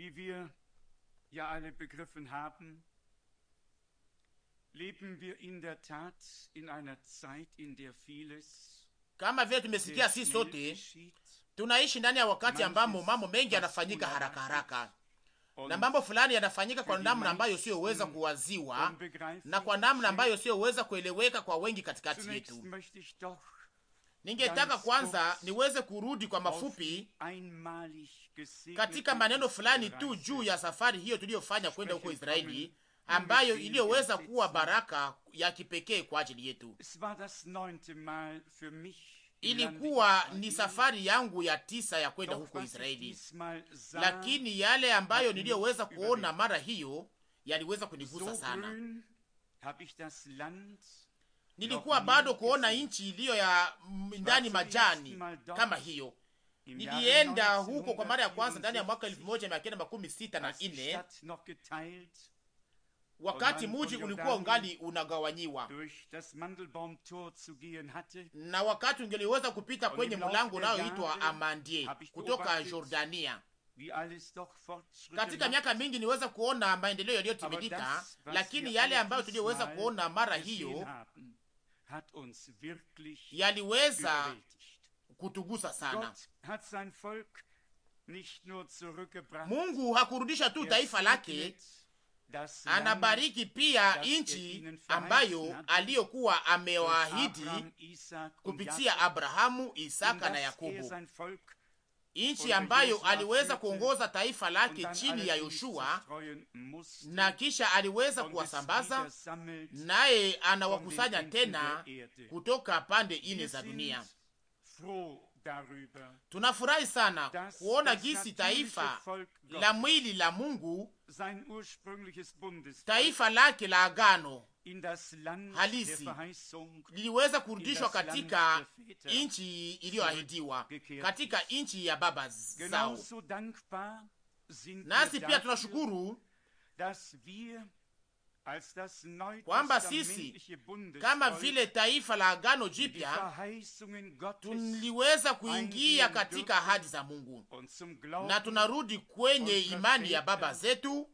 Wie wir ja alle begriffen haben, leben wir in der Tat in einer Zeit, in der vieles kama vile tumesikia si sote tunaishi ndani ya wakati ambamo mambo mengi yanafanyika haraka haraka, na mambo fulani yanafanyika kwa namna ambayo siyoweza kuwaziwa na kwa namna ambayo siyoweza kueleweka kwa wengi katikati yetu. Ningetaka kwanza niweze kurudi kwa mafupi katika maneno fulani tu juu ya safari hiyo tuliyofanya kwenda huko Israeli, ambayo iliyoweza kuwa baraka ya kipekee kwa ajili yetu. Ilikuwa ni safari yangu ya tisa ya kwenda huko Israeli, lakini yale ambayo niliyoweza kuona mara hiyo yaliweza kunigusa sana nilikuwa bado kuona nchi iliyo ya ndani majani kama hiyo. Nilienda huko kwa mara ya kwanza ndani ya mwaka elfu moja mia kenda makumi sita na nne wakati muji ulikuwa ungali unagawanyiwa, na wakati ungeliweza kupita kwenye mlango unayoitwa Amandie kutoka Jordania. Katika miaka mingi niweza kuona maendeleo yaliyotimilika, lakini yale ambayo tuliyoweza kuona mara hiyo yaliweza kutugusa sana. Mungu hakurudisha tu er taifa lake, anabariki pia er nchi ambayo aliyokuwa amewaahidi kupitia Abrahamu, Isaka na er Yakobo, nchi ambayo aliweza kuongoza taifa lake chini ya Yoshua, na kisha aliweza kuwasambaza, naye anawakusanya tena kutoka pande ine za dunia. Tunafurahi sana kuona jinsi taifa la mwili la Mungu, taifa lake la agano halisi liliweza kurudishwa katika nchi iliyoahidiwa, katika nchi ya baba zao. Nasi pia tunashukuru kwamba sisi kama vile taifa la agano jipya tuliweza kuingia katika ahadi za Mungu na tunarudi kwenye imani ya baba zetu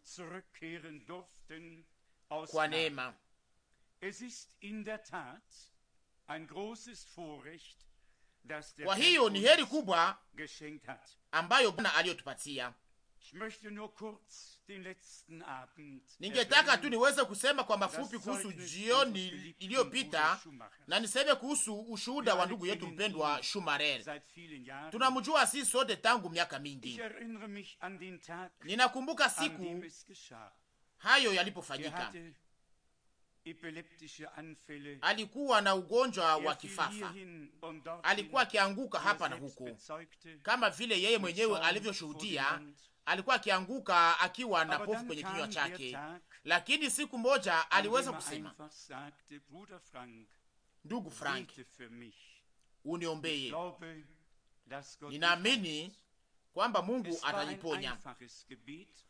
kwa neema. Kwa hiyo ni heri kubwa ambayo Bwana aliyotupatia. Ningetaka tu niweze kusema kwa mafupi kuhusu jioni iliyopita na niseme kuhusu ushuhuda wa ndugu yetu mpendwa Schumacher. Tunamjua si sote tangu miaka mingi. Ninakumbuka siku hayo yalipofanyika. Er alikuwa na ugonjwa er wa kifafa, alikuwa akianguka hapa na er huko, kama vile yeye mwenyewe alivyoshuhudia alikuwa akianguka akiwa na pofu kwenye kinywa chake, lakini siku moja aliweza er kusema, ndugu Frank, uniombeye. Ninaamini kwamba Mungu atajiponya.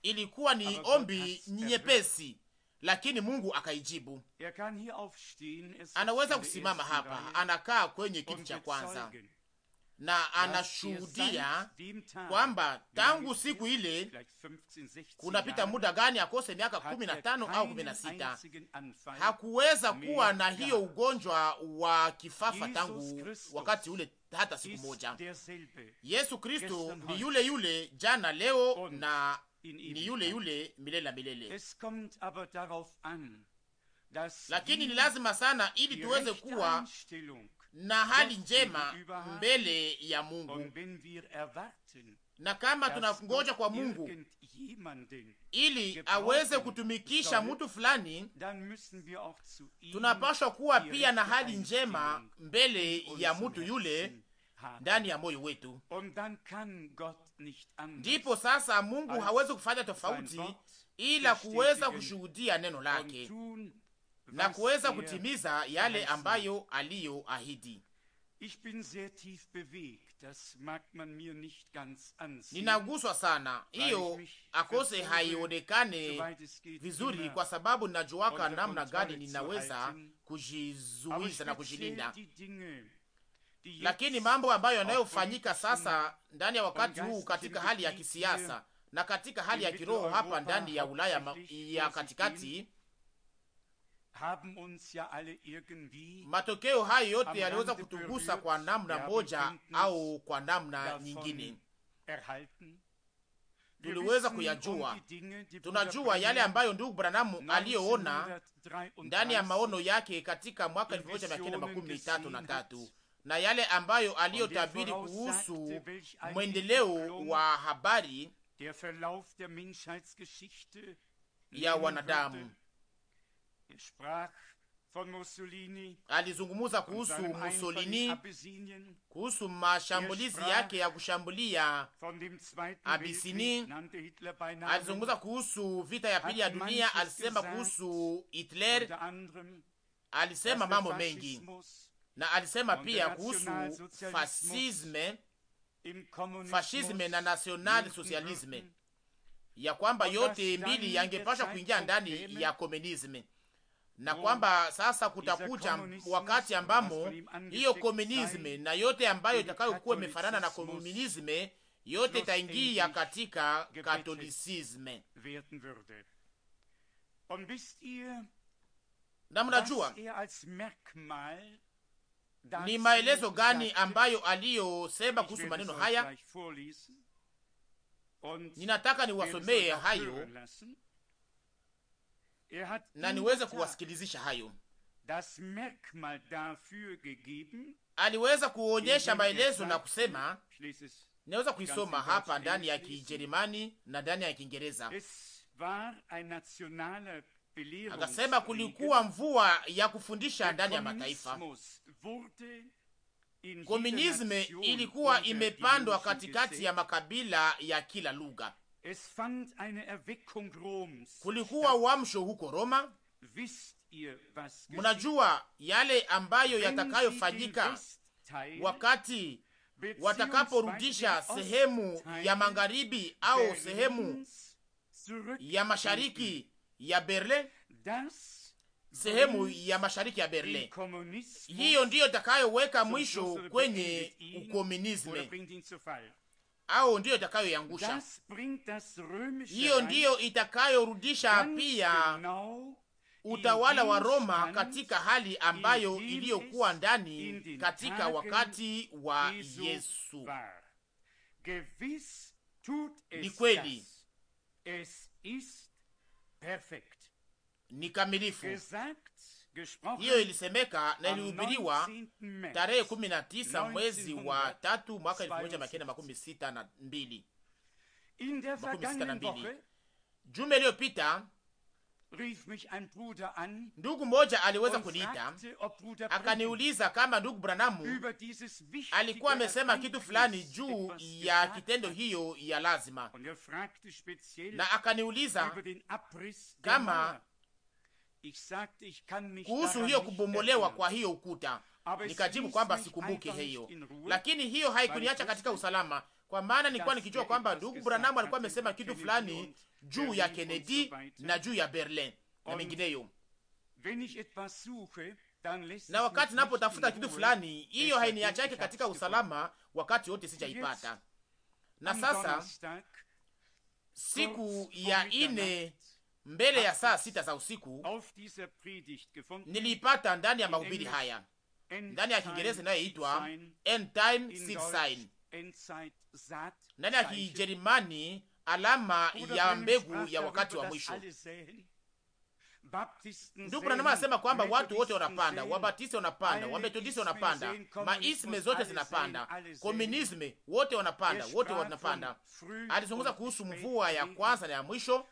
Ilikuwa ni ombi nyepesi, lakini Mungu akaijibu. Er Anaweza kusimama hapa, anakaa kwenye kiti cha kwanza na anashuhudia kwamba tangu siku ile kunapita muda gani, akose miaka kumi na tano au kumi na sita hakuweza kuwa na hiyo ugonjwa wa kifafa tangu wakati ule hata siku moja. Yesu Kristo ni yule yule jana, leo na ni yule yule milele na milele. Lakini ni lazima sana ili tuweze kuwa na hali njema mbele ya Mungu, na kama tunangoja kwa Mungu ili aweze kutumikisha mtu fulani, tunapaswa kuwa pia na hali njema mbele ya mtu yule ndani ya moyo wetu. Ndipo sasa Mungu hawezi kufanya tofauti ila kuweza kushuhudia neno lake na kuweza er kutimiza yale ambayo aliyoahidi. Ninaguswa sana hiyo akose haionekane vizuri, kwa sababu ninajuaka namna gani ninaweza kujizuiza na kujilinda, lakini mambo ambayo yanayofanyika sasa ndani ya wakati huu katika hali ya kisiasa na katika hali ya kiroho hapa ndani ya Ulaya ya katikati um matokeo hayo yote yaliweza kutugusa kwa namna moja au kwa namna nyingine. Tuliweza um kuyajua, tunajua yale ambayo ndugu Branamu aliyoona ndani ya maono yake katika mwaka elfu moja mia kenda makumi tatu na tatu na yale ambayo aliyotabiri kuhusu mwendeleo wa habari ya wanadamu alizungumuza kuhusu Mussolini, kuhusu mashambulizi er yake ya kushambulia Abisini. Alizungumuza kuhusu vita ya pili ya dunia, alisema kuhusu Hitler, alisema mambo mengi, na alisema pia kuhusu fasisme, na national sosialisme, ya kwamba yote mbili yangepasha kuingia ndani ya komunisme na oh, kwamba sasa kutakuja wakati ambamo hiyo komunisme na yote ambayo itakayokuwa imefanana na komunisme yote itaingia katika katolisisme. Na mnajua er ni maelezo gani ambayo aliyosema kuhusu maneno haya? Ninataka niwasomee hayo Er na niweze kuwasikilizisha hayo. Das Merkmal dafür gegeben, aliweza kuonyesha maelezo na kusema, niweza kuisoma hapa ndani ya kijerimani na ndani ya Kiingereza. Akasema kulikuwa mvua ya kufundisha ndani ya mataifa. Komunisme ilikuwa imepandwa katikati ya makabila ya kila lugha kulikuwa uamsho huko Roma. Mnajua yale ambayo yatakayofanyika wakati watakaporudisha sehemu ya magharibi au sehemu ya mashariki ya Berlin, sehemu ya mashariki ya Berlin. Hiyo ndiyo itakayoweka mwisho kwenye ukomunisme au ndiyo itakayoiangusha. Hiyo ndiyo itakayorudisha pia utawala wa Roma katika hali ambayo iliyokuwa ndani katika wakati wa Yesu. Ni kweli, ni kamilifu hiyo ilisemeka na ilihubiriwa tarehe kumi na tisa mwezi wa tatu mwaka elfu moja mia kenda makumi sita na mbili Juma iliyopita ndugu mmoja aliweza kuniita akaniuliza kama ndugu Branamu alikuwa amesema kitu fulani juu ya kitendo hiyo ya lazima, er na akaniuliza kama kuhusu hiyo kubomolewa kwa hiyo ukuta, nikajibu kwamba sikumbuki hiyo, lakini hiyo haikuniacha katika usalama, kwa maana nilikuwa nikijua kwamba ndugu Branham alikuwa amesema kitu fulani juu ya Kennedy na juu ya Berlin na mengineyo na wakati napotafuta kitu fulani, hiyo hainiachake katika usalama wakati wote, sijaipata. Na sasa siku ya ine mbele ya saa sita za usiku niliipata ndani ya mahubiri haya ndani ya Kiingereza inayoitwa End Time Sign, ndani ya kijerimani alama ya mbegu ya wakati wa mwisho. Ndugu Branham anasema kwamba watu wote wanapanda, Wabatisti wanapanda, Wametodisti wanapanda, maisme zote zinapanda, komunisme wote wanapanda, wote wanapanda. Alizungumza kuhusu mvua ya kwanza na ya mwisho.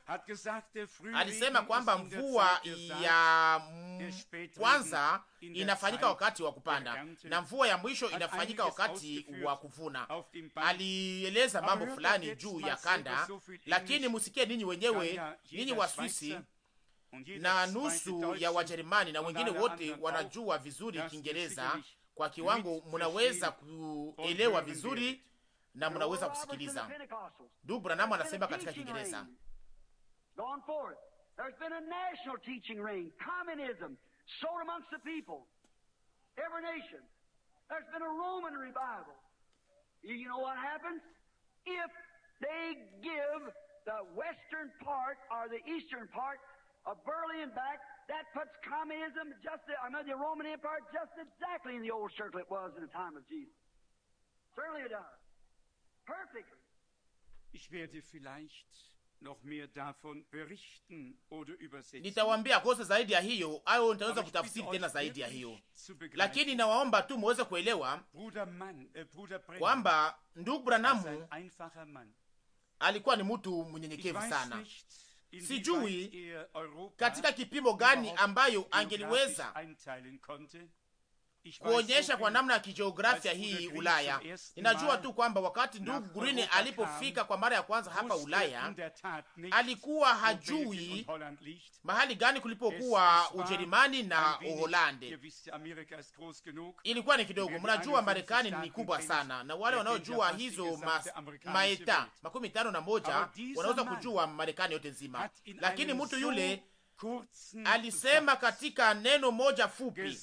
Alisema kwamba mvua ya kwanza inafanyika wakati wa kupanda na mvua ya mwisho inafanyika wakati wa kuvuna. Alieleza mambo fulani juu ya kanda, lakini musikie ninyi wenyewe, ninyi Waswisi na nusu ya Wajerumani na wengine wote wanajua vizuri Kiingereza kwa kiwango, mnaweza kuelewa vizuri na mnaweza kusikiliza. Ndugu Branham anasema katika Kiingereza If they give the western part or the eastern part a Berlin back, that puts communism just, the, I mean, the Roman Empire just exactly in the old circle it was in the time of Jesus. Certainly it does. Perfectly. Ich werde vielleicht noch mehr davon berichten oder übersetzen. Nitawaambia kosa zaidi ya hiyo au nitaweza kutafsiri tena zaidi ya hiyo, lakini nawaomba tu muweze kuelewa äh, kwamba ndugu Branamu er alikuwa ni mtu mnyenyekevu sana. Nicht, sijui euh, katika kipimo gani ambayo angeliweza kuonyesha kwa namna ya kijiografia hii Ulaya. Ninajua tu kwamba wakati ndugu Green alipofika kwa mara ya kwanza hapa Ulaya, er alikuwa hajui mahali gani kulipokuwa Ujerumani na Uholande. Ilikuwa ni kidogo. Mnajua Marekani ni kubwa sana, na wale wanaojua hizo maeta makumi tano na moja wanaweza kujua Marekani yote nzima, lakini mtu yule alisema katika neno moja fupi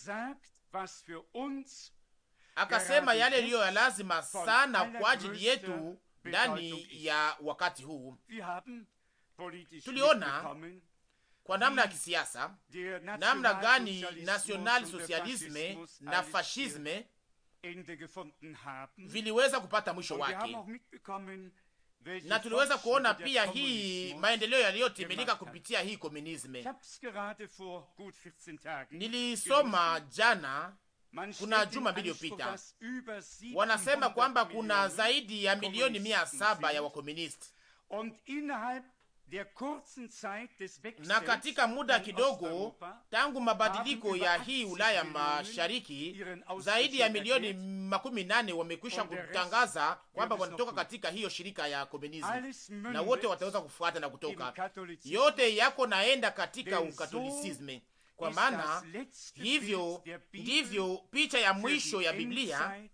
akasema yale iliyo ya lazima sana kwa ajili yetu ndani ya wakati huu. Tuliona kwa namna ya kisiasa namna gani national sosialisme na fashisme viliweza kupata mwisho wake, na tuliweza kuona pia hii maendeleo yaliyotimilika kupitia hii komunisme. Nilisoma jana kuna juma mbili iliyopita, wanasema kwamba kuna zaidi ya milioni mia saba ya wakomunisti na katika muda kidogo tangu mabadiliko ya hii Ulaya mashariki zaidi ya milioni makumi nane wamekwisha kutangaza kwamba wanatoka katika hiyo shirika ya komunizimu, na wote wataweza kufuata na kutoka. Yote yako naenda katika ukatolisizme, kwa maana hivyo ndivyo picha ya mwisho ya Biblia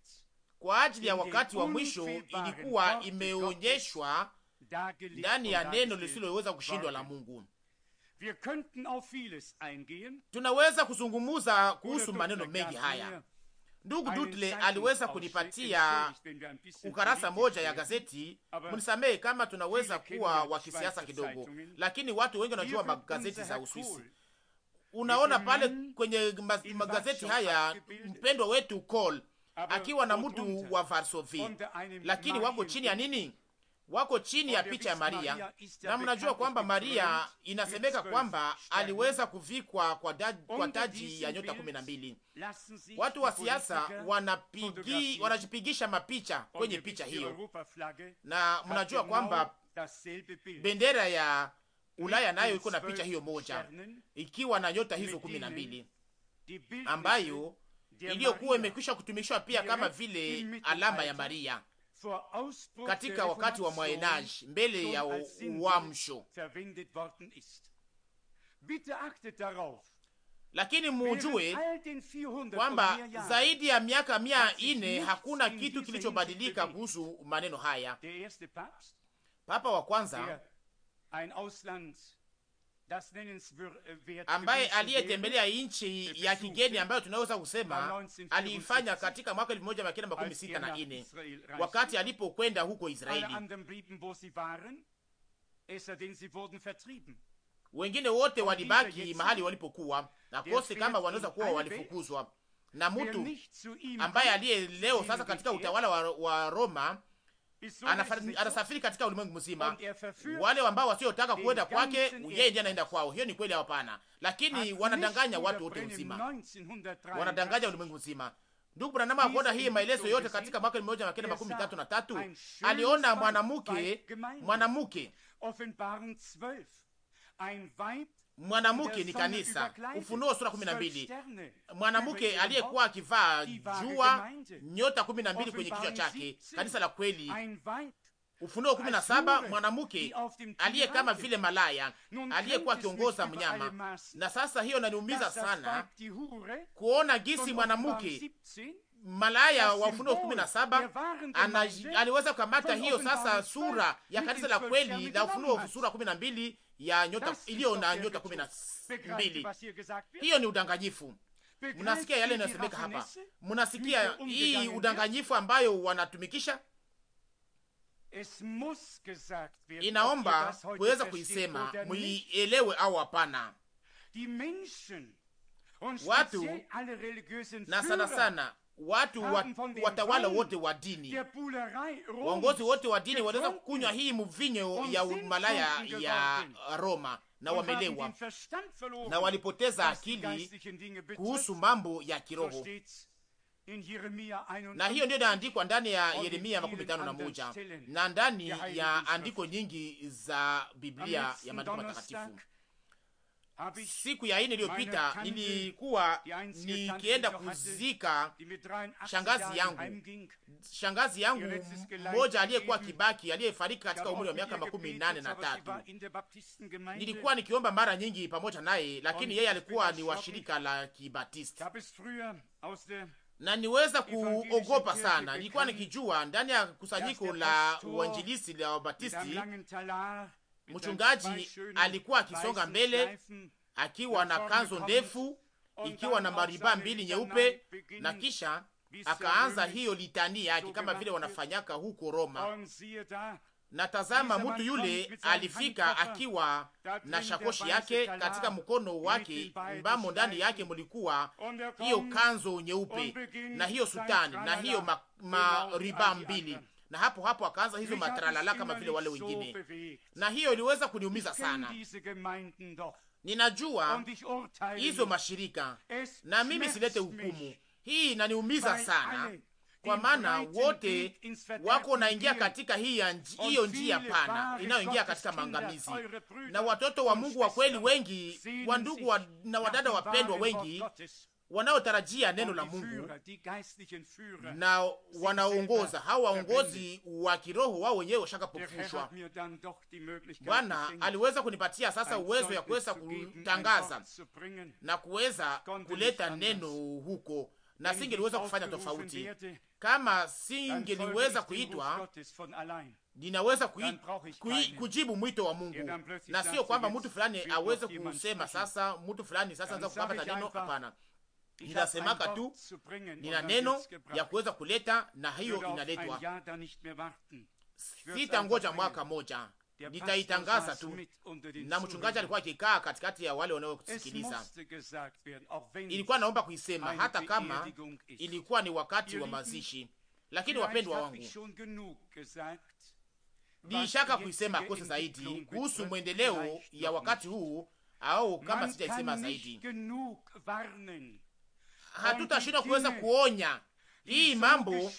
kwa ajili ya wakati wa mwisho ilikuwa imeonyeshwa ndani ya neno lisiloweza kushindwa la Mungu. Tunaweza kuzungumuza kuhusu maneno mengi haya. Ndugu Dudley aliweza kunipatia ukarasa moja ya gazeti. Mnisamehe kama tunaweza kuwa wa kisiasa kidogo, lakini watu wengi wanajua magazeti za Uswisi. Unaona pale kwenye magazeti haya mpendwa wetu Kohl akiwa na mtu wa Varsovie, lakini wako chini ya nini? wako chini ya picha ya Maria, na mnajua kwamba Maria inasemeka kwamba aliweza kuvikwa kwa, da, kwa taji ya nyota kumi na mbili. Watu wa siasa wanapigi, wanajipigisha mapicha kwenye picha hiyo, na mnajua kwamba bendera ya Ulaya nayo iko na picha hiyo moja ikiwa na nyota hizo kumi na mbili ambayo iliyokuwa imekwisha kutumishwa pia kama vile alama ya Maria katika uh, wakati wa mwaenaji mbele ya uamsho, lakini mujue kwamba zaidi ya miaka mia ine hakuna kitu kilichobadilika kuhusu maneno haya. Papa wa kwanza Äh, ambaye aliyetembelea nchi ya kigeni ambayo tunaweza kusema aliifanya katika mwaka elfu moja mia kenda makumi sita na nne wakati alipokwenda huko Israeli. Wengine wote walibaki mahali walipokuwa nakose, kama wanaweza kuwa walifukuzwa na mtu ambaye aliye leo sasa katika utawala wa, wa Roma anasafiri katika ulimwengu mzima. Wale ambao wasiotaka kuenda kwake, yeye ndiye anaenda kwao. Hiyo ni kweli? Hapana, lakini wanadanganya watu wote mzima, wanadanganya ulimwengu mzima. Ndugu Branham akuona hii maelezo yote katika mwaka moja mia kenda makumi tatu na tatu aliona mwanamke mwanamke mwanamke ni kanisa. Ufunuo sura kumi na mbili. Mwanamke aliyekuwa akivaa jua nyota kumi na mbili kwenye kichwa chake, kanisa la kweli. Ufunuo kumi na saba. Mwanamke aliye kama vile malaya aliyekuwa akiongoza mnyama. Na sasa hiyo naniumiza sana kuona gisi mwanamke malaya wa Ufunuo kumi na saba aliweza kukamata hiyo sasa sura ya kanisa la kweli la Ufunuo sura kumi na mbili ya nyota iliyo na nyota kumi na mbili. Hiyo ni udanganyifu. Mnasikia yale yanayosemeka hapa, mnasikia hii udanganyifu ambayo wanatumikisha. Inaomba kuweza kuisema, muielewe au hapana? Watu na sana sana watu watawala wote wa dini, waongozi wote wa dini waliweza kukunywa hii mvinyo ya malaya ya Roma na wamelewa na walipoteza akili kuhusu mambo ya kiroho, na hiyo ndiyo inaandikwa ndani ya Yeremia makumi tano na moja na ndani ya andiko nyingi za Biblia ya maandiko matakatifu. Siku ya ine iliyopita nilikuwa nikienda kuzika shangazi yangu, shangazi yangu moja aliyekuwa kibaki aliyefariki katika umri wa miaka makumi nane na tatu. Nilikuwa nikiomba mara nyingi pamoja naye, lakini yeye alikuwa ni wa shirika la Kibatisti um, na niweza kuogopa sana. Nilikuwa nikijua ndani ya kusanyiko la uanjilisi la Wabatisti mchungaji alikuwa akisonga mbele akiwa na kanzo ndefu ikiwa na mariba mbili nyeupe, na kisha akaanza hiyo litani yake kama vile wanafanyaka huko Roma. Na tazama, mtu yule alifika akiwa na shakoshi yake, katika mkono wake mbamo ndani yake mulikuwa hiyo kanzo nyeupe na hiyo sutani na hiyo mariba mbili na hapo hapo akaanza hizo matralala kama vile wale wengine, na hiyo iliweza kuniumiza sana. Ninajua hizo mashirika na mimi silete hukumu hii, inaniumiza sana kwa maana wote wako naingia katika hiyo njia pana inayoingia katika maangamizi, na watoto wa Mungu wa kweli wengi, wandugu wa, na wadada wapendwa wengi wanaotarajia neno la Mungu na wanaongoza waongozi wa kiroho wao wenyewe shakapofushwa. Bwana aliweza kunipatia sasa uwezo ya kuweza kutangaza na kuweza kuleta neno huko, na singeliweza kufanya tofauti kama singeliweza kuitwa ninaweza kui, kui, kujibu mwito wa Mungu na sio kwamba mtu fulani aweze kusema sasa, mtu fulani sasa anza kupata neno. Hapana, ninasemaka tu, nina neno ya kuweza kuleta, na hiyo inaletwa. Sitangoja mwaka moja, nitaitangaza tu. Na mchungaji alikuwa akikaa katikati ya wale wanaosikiliza, ilikuwa naomba kuisema hata kama ilikuwa ni wakati wa mazishi, lakini wapendwa wangu niishaka kuisema kosa zaidi kuhusu mwendeleo ya wakati huu, au kama sitaisema zaidi, hatutashindwa kuweza kuonya hii mambo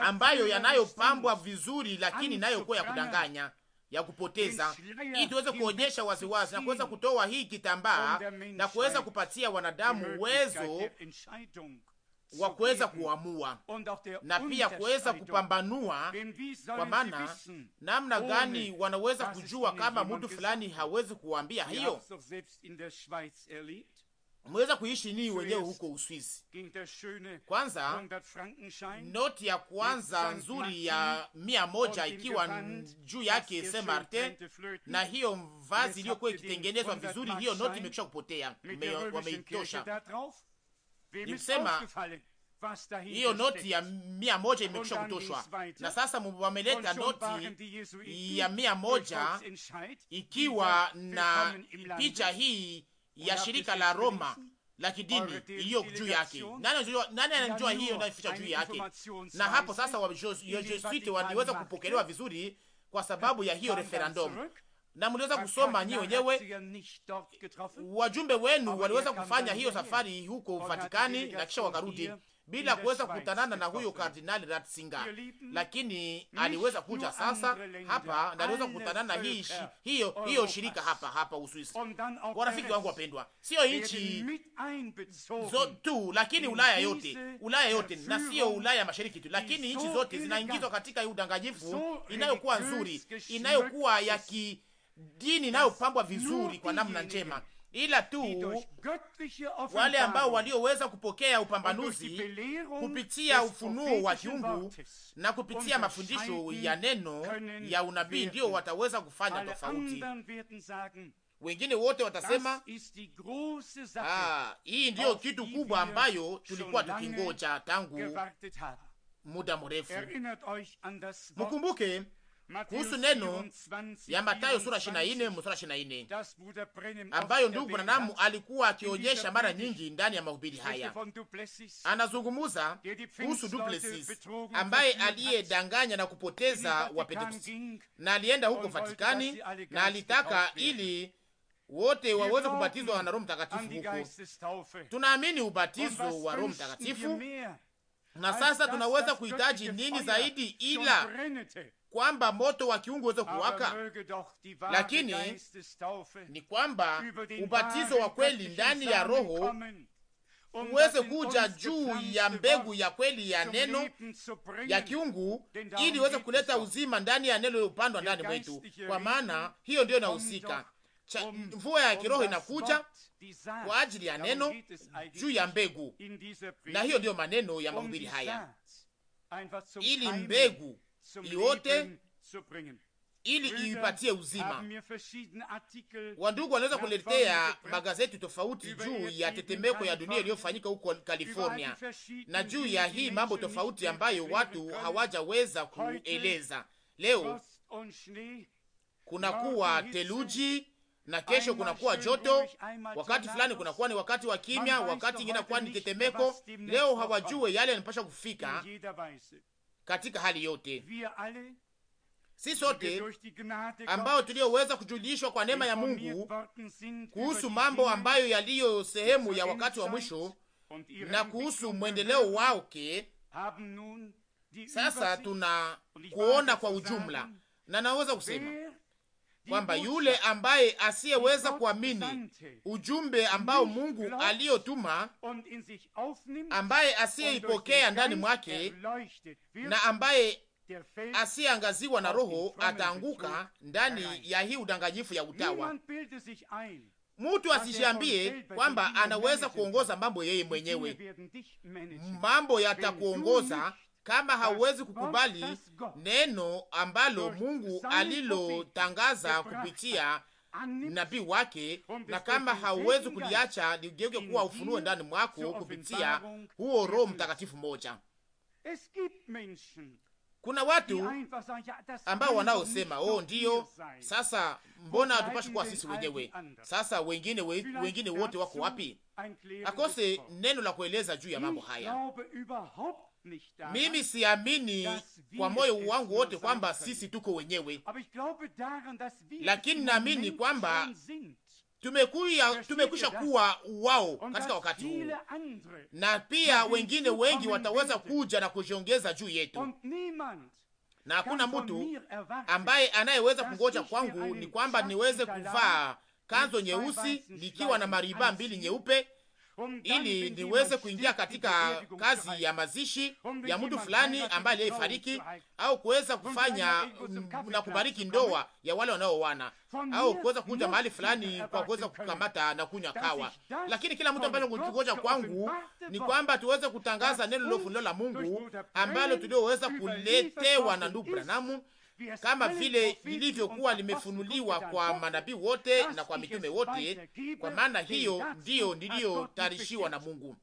ambayo yanayopambwa vizuri, lakini inayokuwa ya kudanganya ya kupoteza, ili tuweze kuonyesha waziwazi na kuweza kutoa hii kitambaa na kuweza kupatia wanadamu uwezo wa kuweza kuamua na pia kuweza kupambanua, kwa maana namna gani wanaweza kujua kama mtu fulani hawezi kuwambia hiyo mweza kuishi nii wenyewe huko Uswisi. Kwanza noti ya kwanza nzuri ya mia moja ikiwa juu yake Saint Martin, na hiyo vazi iliyokuwa ikitengenezwa vizuri, hiyo noti imekwisha kupotea, wameitosha nikusema hiyo noti ya mia moja imekwisha kutoshwa, na sasa wameleta noti ya mia moja ikiwa na picha hii ya shirika la Roma la kidini iliyo juu yake. Nani anajua hiyo inayoficha juu yake? Na hapo sasa wajesuiti waliweza kupokelewa vizuri kwa sababu ya hiyo referendum, na mliweza kusoma nyi wenyewe, wajumbe wenu waliweza kufanya hiyo safari huko Vatikani na kisha wakarudi bila kuweza kukutanana na huyo Kardinali Ratzinger, lakini aliweza kuja sasa hapa na aliweza kukutanana na hii hiyo hiyo shirika hapa hapa Uswisi. Um Warafiki wangu wapendwa, sio nchi tu, lakini Ulaya yote, Ulaya yote, na sio Ulaya mashariki tu, lakini nchi zote zinaingizwa katika udanganyifu inayokuwa nzuri, inayokuwa ya kidini, inayopambwa vizuri kwa namna njema ila tu wale ambao walioweza kupokea upambanuzi kupitia ufunuo wa kiungu na kupitia mafundisho ya neno ya unabii ndiyo wataweza kufanya tofauti. Wengine wote watasema ah, hii ndiyo kitu kubwa ambayo tulikuwa tukingoja tangu muda mrefu. Mkumbuke kuhusu neno ya Mathayo sura 24 mstari 24 ambayo ndugu branamu alikuwa akionyesha mara nyingi ndani ya mahubiri haya. Anazungumuza kuhusu duplesis ambaye aliyedanganya na kupoteza Wapentekoste, na alienda huko Vatikani na alitaka ili wote waweze kubatizwa na Roho Mtakatifu huko. Tunaamini ubatizo wa Roho Mtakatifu, na sasa tunaweza kuhitaji nini zaidi ila kwamba moto wa kiungu uweze kuwaka, lakini ni kwamba ubatizo wa kweli ndani ya Roho um uweze kuja juu ya mbegu ya kweli ya neno ya kiungu, ili uweze kuleta uzima ndani ya neno lilopandwa ndani mwetu, kwa maana hiyo ndiyo inahusika. Um mvua ya um kiroho inakuja kwa ajili ya neno juu ya mbegu, na hiyo ndiyo maneno ya mahubiri haya, ili mbegu yote ili iipatie uzima. Wandugu wanaweza kuletea magazeti tofauti juu ya tetemeko ya dunia iliyofanyika huko California na juu ya hii mambo tofauti ambayo watu hawajaweza kueleza. Leo kunakuwa teluji na kesho kunakuwa joto, wakati fulani kunakuwa ni wakati wa kimya, wakati ingine kuwa ni tetemeko. Leo hawajue yale yanapasha kufika katika hali yote, si sote ambao tulioweza kujulishwa kwa neema ya Mungu kuhusu mambo ambayo yaliyo sehemu ya wakati wa mwisho na kuhusu mwendeleo wake. Sasa tuna kuona kwa ujumla, na naweza kusema kwamba yule ambaye asiyeweza kuamini ujumbe ambao Mungu aliyotuma, ambaye asiyeipokea ndani mwake na ambaye asiyeangaziwa na Roho ataanguka ndani ya hii udanganyifu ya utawa. Mtu er asijiambie kwamba anaweza kuongoza mambo yeye mwenyewe. Mambo yatakuongoza kama hauwezi kukubali neno ambalo Mungu alilotangaza kupitia nabii wake, na kama hauwezi kuliacha ligeuke kuwa ufunuo ndani mwako kupitia huo Roho Mtakatifu moja. Kuna watu ambao wanaosema oh, ndiyo sasa, mbona hatupashi kuwa sisi wenyewe? Sasa wengine we, wengine wote wako wapi? Akose neno la kueleza juu ya mambo haya mimi siamini kwa moyo wangu wote kwamba sisi tuko wenyewe, lakini naamini kwamba tumekuya tumekwisha kuwa wao katika wakati huu, na pia wengine wengi wataweza kuja na kujiongeza juu yetu, na hakuna mtu ambaye anayeweza kungoja kwangu ni kwamba niweze kuvaa kanzo nyeusi nikiwa na mariba mbili nyeupe ili niweze kuingia katika kazi ya mazishi ya mtu fulani ambaye aliyefariki, au kuweza kufanya mm, na kubariki ndoa ya wale wanaoana, au kuweza kunja mahali fulani kwa kuweza kukamata na kunywa kawa. Lakini kila mtu ambaye kungoja kwangu ni kwamba tuweze kutangaza neno lilofunuliwa la Mungu ambalo tulioweza kuletewa na ndugu Branamu kama vile lilivyokuwa limefunuliwa kwa manabii wote na kwa mitume wote, kwa maana hiyo ndiyo niliyotarishiwa na Mungu.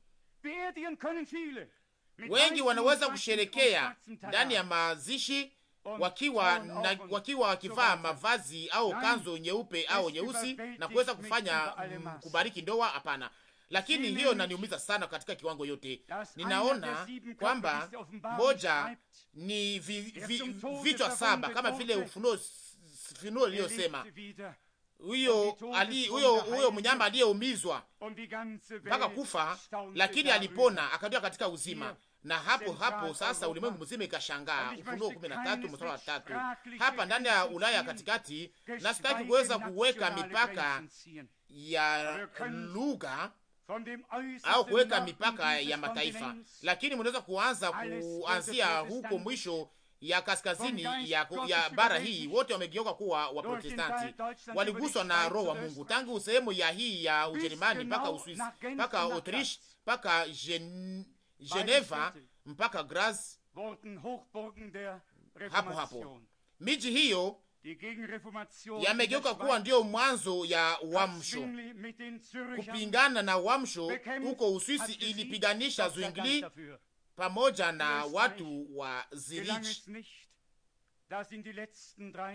Wengi wanaweza kusherekea ndani ya mazishi wakiwa na, wakiwa wakivaa mavazi au kanzo nyeupe au nyeusi na kuweza kufanya mm, kubariki ndoa. Hapana, lakini hiyo naniumiza sana katika kiwango yote. Ninaona kwamba moja ni vi, vi, vichwa saba kama vile Ufunuo Ufunuo er iliyosema huyo huyo huyo mnyama aliyeumizwa mpaka kufa, lakini alipona akatoka katika uzima na hapo hapo sasa ulimwengu mzima ikashangaa. Ufunuo kumi na tatu mstari wa tatu. Hapa ndani ya Ulaya katikati, na sitaki kuweza kuweka mipaka ya lugha au kuweka mipaka ya mataifa, lakini mnaweza kuanza kuanzia huko mwisho ya kaskazini ya, ya bara hii. Wote wamegeuka kuwa Waprotestanti, waliguswa na roho wa Mungu tangu sehemu ya hii ya Ujerumani mpaka Uswisi mpaka Autriche mpaka Gen, Geneva mpaka Graz, hapo hapo miji hiyo yamegeuka kuwa ndiyo mwanzo ya uamsho. Kupingana na uamsho huko Uswisi ilipiganisha Zwingli pamoja na watu wa Zirich,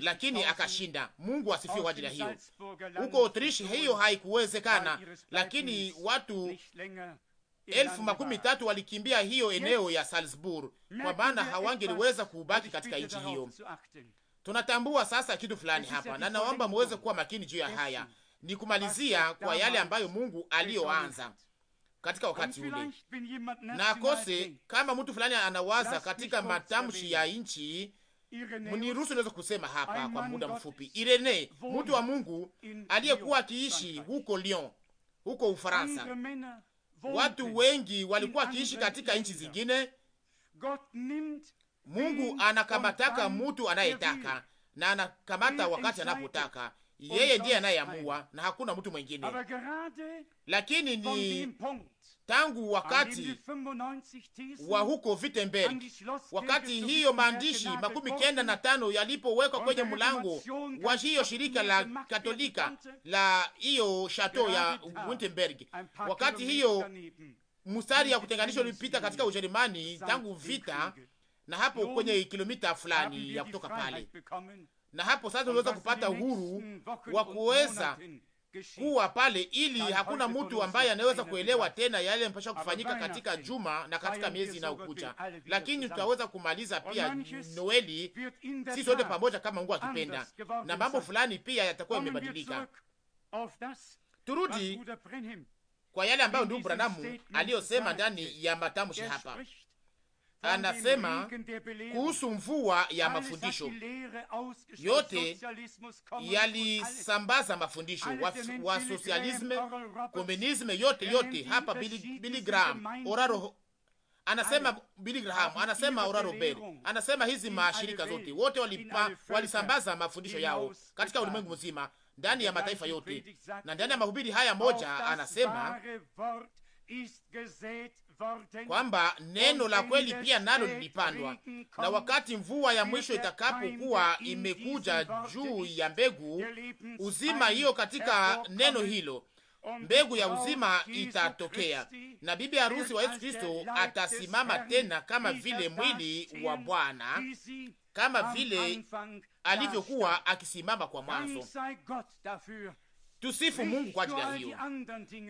lakini akashinda. Mungu asifiwe kwa ajili ya hiyo. Huko Trishi hiyo haikuwezekana, lakini watu elfu makumi tatu walikimbia hiyo eneo ya Salzburg, kwa maana hawangeliweza kubaki katika nchi hiyo tunatambua sasa kitu fulani hapa, na naomba muweze kuwa makini juu ya haya. Ni kumalizia kwa yale ambayo Mungu aliyoanza katika wakati ule, na kose kama mtu fulani anawaza katika matamshi ya nchi mniruhusu niweze kusema hapa kwa muda mfupi. Irene, mtu wa Mungu aliyekuwa akiishi huko Lyon, huko Ufaransa. Watu wengi walikuwa wakiishi katika nchi zingine, Mungu anakamataka mtu anayetaka na anakamata wakati anapotaka. Yeye ndiye anayeamua na hakuna mtu mwingine. Lakini ni tangu wakati wa huko Wittenberg, wakati hiyo maandishi makumi kenda na tano yalipowekwa kwenye mlango wa hiyo shirika la Katolika la hiyo chateau ya Wittenberg, wakati hiyo mstari ya kutenganisha ulipita katika Ujerumani tangu vita na hapo kwenye kilomita fulani ya kutoka pale, na hapo sasa unaweza kupata uhuru wa kuweza kuwa pale, ili hakuna mtu ambaye anaweza kuelewa tena yale mpasha kufanyika katika juma na katika miezi inayokuja, lakini tutaweza kumaliza pia Noeli si sote pamoja kama Mungu akipenda, na mambo fulani pia yatakuwa yamebadilika. Turudi kwa yale ambayo ndugu Branamu aliyosema ndani ya matamshi er hapa anasema kuhusu mvua ya mafundisho yote yalisambaza mafundisho wa, sosialisme komunisme, yote yote hapa. Billy Graham oraro anasema, Billy Graham anasema, oraro anasema, hizi mashirika zote wote walisambaza wali mafundisho yao katika ulimwengu mzima, ndani ya mataifa yote na ndani ya mahubiri haya moja, anasema kwamba neno la kweli pia nalo lilipandwa, na wakati mvua ya mwisho itakapokuwa imekuja juu ya mbegu uzima hiyo, katika neno hilo mbegu ya uzima itatokea, na bibi harusi wa Yesu Kristo atasimama tena kama vile mwili wa Bwana, kama vile alivyokuwa akisimama kwa mwanzo. Tusifu Mungu kwa ajili ya hiyo,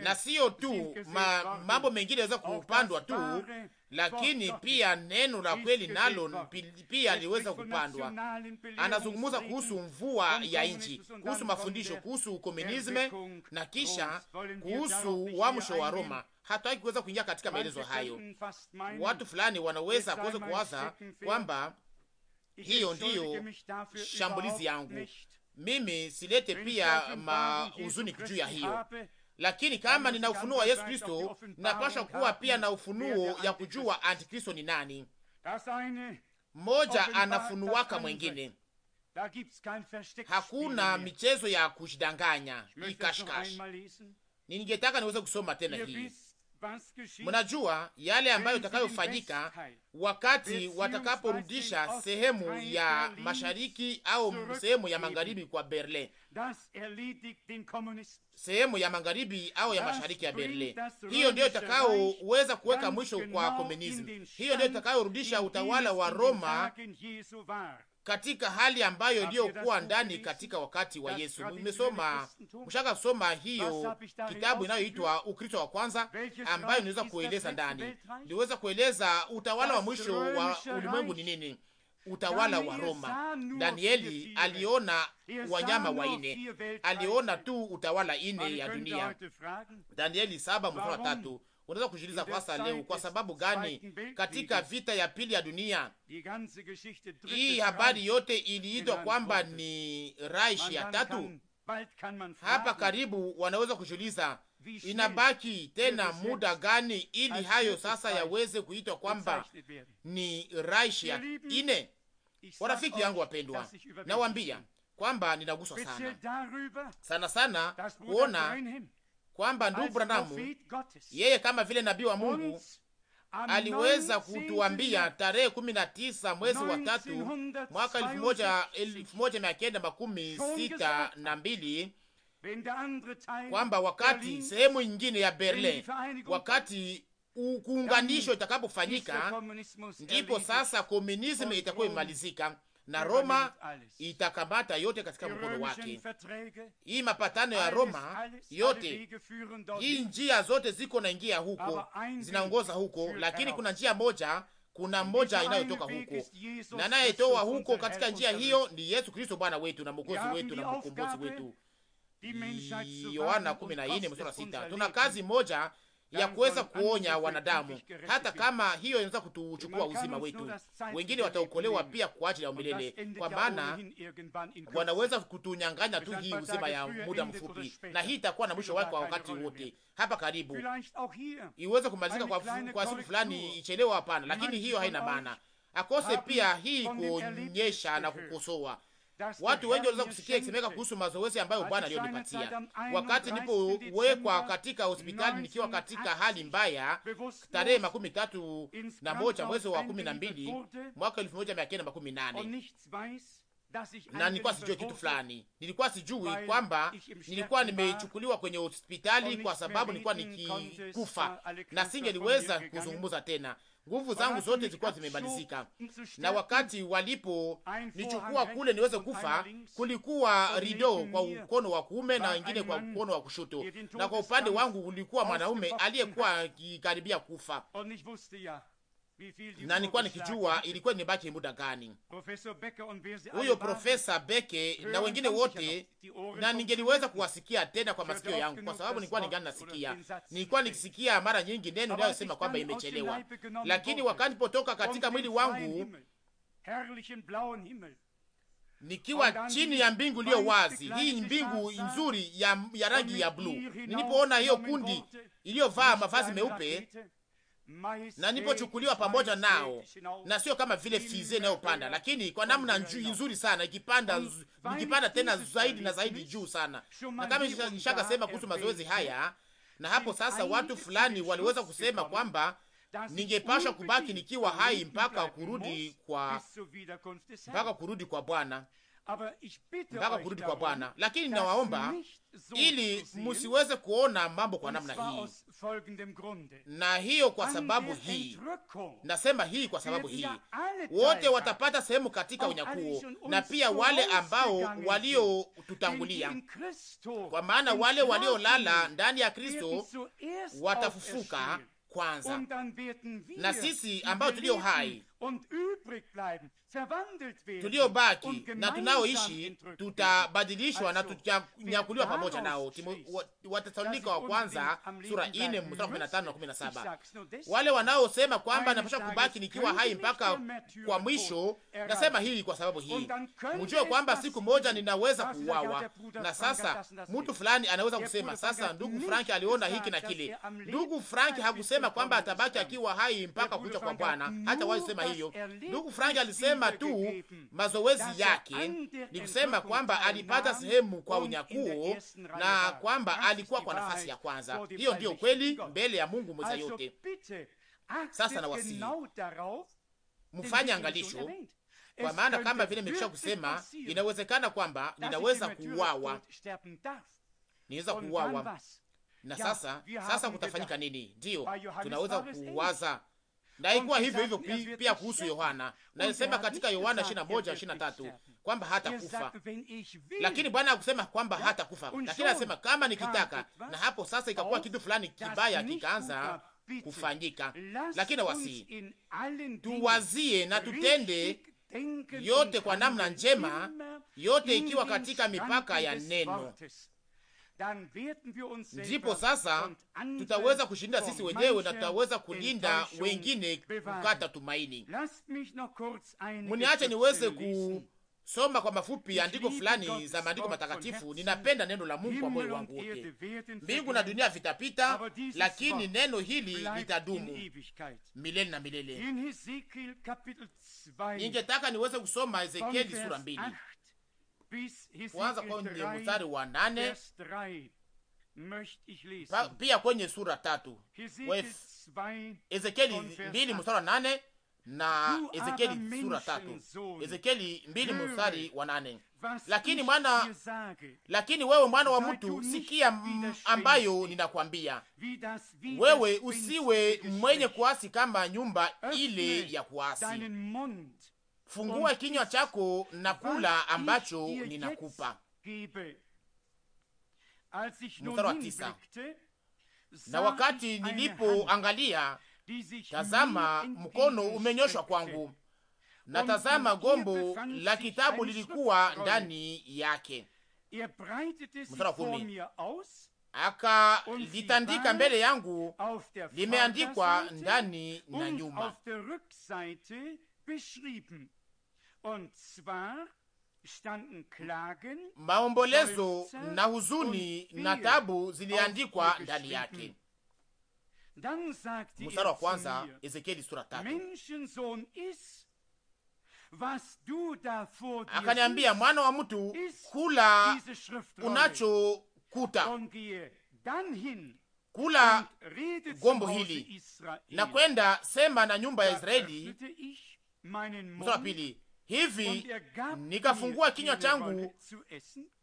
na siyo tu ma, mambo mengine yaweza kupandwa tu, lakini pia neno la kweli nalo pia liweza kupandwa. Anazungumza kuhusu mvua ya nchi, kuhusu mafundisho, kuhusu komunisme na kisha kuhusu uamsho wa Roma. Hataki kuweza kuingia katika maelezo hayo. Watu fulani wanaweza kuweza kuwaza kwamba hiyo ndiyo shambulizi yangu mimi silete pia mahuzuni juu ya hiyo, lakini kama nina ufunuo wa Yesu Kristo, napasha kuwa pia na ufunuo ya kujua Antikristo ni nani. Mmoja anafunuaka mwengine, hakuna michezo ya kushidanganya Ni Ningetaka niweze kusoma tena hii Mnajua yale ambayo itakayofanyika wakati watakaporudisha sehemu ya mashariki au sehemu ya magharibi kwa Berlin, sehemu ya magharibi au ya mashariki ya Berlin. Hiyo ndiyo itakayoweza kuweka mwisho kwa komunismu. Hiyo ndiyo itakayorudisha utawala wa Roma katika hali ambayo iliyokuwa ndani katika wakati wa Yesu. Nimesoma mshaka kusoma hiyo kitabu inayoitwa Ukristo wa kwanza, ambayo niweza kueleza ndani, niweza kueleza utawala wa mwisho wa ulimwengu ni nini, utawala wa Roma. Danieli aliona wanyama waine, aliona tu utawala ine ya dunia. Danieli saba mstari wa tatu. Unaweza kujiuliza kwasa leo kwa sababu gani katika vita ya pili ya dunia hii habari yote iliitwa kwamba ni Reich ya tatu? Hapa karibu wanaweza kujiuliza inabaki tena muda gani ili hayo sasa yaweze kuitwa kwamba ni Reich ya ine? Warafiki yangu wapendwa, nawaambia kwamba ninaguswa sana sana sana kuona kwamba ndugu Branamu yeye kama vile nabii wa Mungu aliweza kutuambia tarehe kumi na tisa mwezi wa tatu mwaka elfu moja mia kenda makumi sita na mbili kwamba wakati sehemu nyingine ya Berlin wakati kuunganisho itakapofanyika ndipo sasa komunismu itakuwa imalizika na Roma itakamata yote katika mkono wake. Hii mapatano ya Roma yote, hii njia zote ziko na ingia huko, zinaongoza huko, lakini kuna njia moja, kuna moja inayotoka huko, na anayetoa huko katika njia hiyo ni Yesu Kristo Bwana wetu na Mwokozi wetu na mkombozi wetu. Yohana 14:6. Tuna kazi moja ya kuweza kuonya wanadamu, hata kama hiyo inaweza kutuchukua uzima wetu. Wengine wataokolewa pia kwa ajili ya umilele, kwa maana wanaweza kutunyang'anya tu hii uzima ya muda mfupi, na hii itakuwa na mwisho wake kwa wakati wote hapa karibu, iweze kumalizika kwa, kwa siku fulani, ichelewa? Hapana, lakini hiyo haina maana akose pia hii kuonyesha na kukosoa Watu wengi waliweza kusikia ikisemeka kuhusu mazoezi ambayo Bwana aliyonipatia wakati nilipowekwa katika hospitali nikiwa katika hali mbaya, tarehe makumi tatu na moja mwezi wa kumi na mbili mwaka elfu moja mia kenda makumi nane na nilikuwa sijui kitu fulani, nilikuwa sijui kwamba nilikuwa nimechukuliwa kwenye hospitali kwa sababu nilikuwa nikikufa na singeliweza kuzungumza tena nguvu zangu zote zilikuwa zimemalizika, na wakati walipo nichukua kule niweze kufa, kulikuwa rido kwa ukono wa kuume na wengine kwa ukono wa kushoto, na kwa upande wangu ulikuwa mwanaume aliyekuwa akikaribia kufa na nilikuwa nikijua ilikuwa nimebaki muda gani huyo Profesa Beke na wengine wote, na ningeliweza kuwasikia tena kwa masikio yangu, kwa sababu nilikuwa ningani nasikia, nilikuwa nikisikia mara nyingi neno inayosema kwamba imechelewa, lakini wakanipotoka katika mwili wangu nikiwa chini ya mbingu iliyo wazi, hii mbingu nzuri ya, ya rangi ya bluu, nilipoona hiyo kundi iliyovaa mavazi meupe na nipochukuliwa pamoja nao, na sio kama vile fizie inayopanda, lakini kwa namna nzuri sana ikipanda, ikipanda tena zaidi na zaidi juu sana. Na kama nishaka sema kuhusu mazoezi haya, na hapo sasa watu fulani waliweza kusema kwamba ningepasha kubaki nikiwa hai mpaka kurudi kwa mpaka kurudi kwa Bwana mpaka kurudi kwa Bwana. Lakini nawaomba ili musiweze kuona mambo kwa namna hii, na hiyo kwa sababu hii, nasema hii kwa sababu hii, wote watapata sehemu katika unyakuo, na pia wale ambao waliotutangulia, kwa maana wale waliolala ndani ya Kristo watafufuka kwanza, na sisi ambao tulio hai tuliobaki na tunaoishi tutabadilishwa na tutanyakuliwa pamoja nao. Watesalonika wa kwanza sura ine mstari kumi na tano kumi na saba. Wale wanaosema kwamba napasha kubaki nikiwa hai mpaka kwa mwisho, nasema hii kwa sababu hii, mjue kwamba siku moja ninaweza kuuawa. Na sasa mtu fulani anaweza kusema sasa, ndugu Franki aliona hiki na kile. Er ndugu Franki hakusema kwamba atabaki akiwa hai mpaka kuja kwa Bwana, hata wasema hii hiyo. Ndugu Frank alisema tu mazoezi yake, ni kusema kwamba alipata sehemu kwa unyakuo na kwamba alikuwa kwa nafasi ya kwanza. Hiyo ndiyo kweli mbele ya Mungu mweza yote. Sasa na wasi mfanye angalisho kwa maana kama vile nimekwisha kusema, inawezekana kwamba ninaweza kuuawa, niweza kuuawa. Na sasa sasa kutafanyika nini? Ndiyo tunaweza kuwaza na ikuwa hivyo hivyo pia kuhusu Yohana. Nasema katika Yohana 21:23 kwamba hatakufa, lakini Bwana akusema kwamba kufa, lakini anasema kama nikitaka. Na hapo sasa ikakuwa kitu fulani kibaya kikaanza kufanyika, lakini wasi tuwazie na tutende yote kwa namna njema, yote ikiwa katika mipaka ya neno ndipo sasa tutaweza kushinda sisi wenyewe na tutaweza kulinda wengine kukata tumaini. Muniache niweze kusoma kwa mafupi andiko fulani za maandiko matakatifu. Ninapenda neno la Mungu kwa moyo wangu wote. Mbingu na dunia vitapita, lakini neno hili litadumu milele na milele. Ningetaka niweze kusoma Ezekieli sura mbili kwanza kwenye mstari wa nane pia kwenye sura tatu Ezekieli mbili mstari wa nane na Ezekieli sura tatu Ezekieli mbili mstari wa nane lakini mwana lakini wewe mwana wa mtu sikia ambayo ninakwambia wewe usiwe mwenye kuasi kama nyumba ile ya kuasi fungua kinywa chako na kula ambacho ninakupa. Mstari wa tisa. Na wakati nilipoangalia, tazama, mkono umenyoshwa kwangu, na tazama, gombo la kitabu lilikuwa ndani yake. Er Mstari wa kumi akalitandika mbele yangu, limeandikwa ndani na nyuma beschrieben. Und zwar standen Klagen, maombolezo na huzuni na tabu ziliandikwa ndani yake. Er Mstari wa kwanza Ezekieli sura tatu. Akaniambia, mwana wa mtu, kula unachokuta, kula gombo hili na kwenda sema na nyumba ya Israeli Mstari wa pili, hivi nikafungua kinywa changu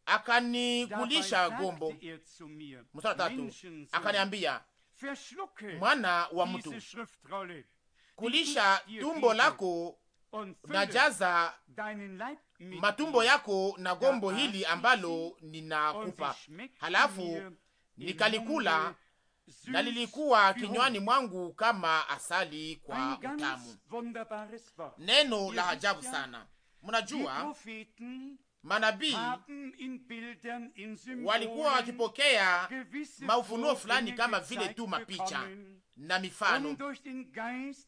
akanikulisha gombo. Mstari wa tatu, akaniambia mwana wa mtu, kulisha tumbo lako na jaza matumbo yako na gombo hili ambalo ninakupa. Halafu nikalikula na lilikuwa kinywani mwangu kama asali kwa utamu. Neno la ajabu sana. Mnajua manabii walikuwa wakipokea maufunuo fulani kama vile tu mapicha na mifano,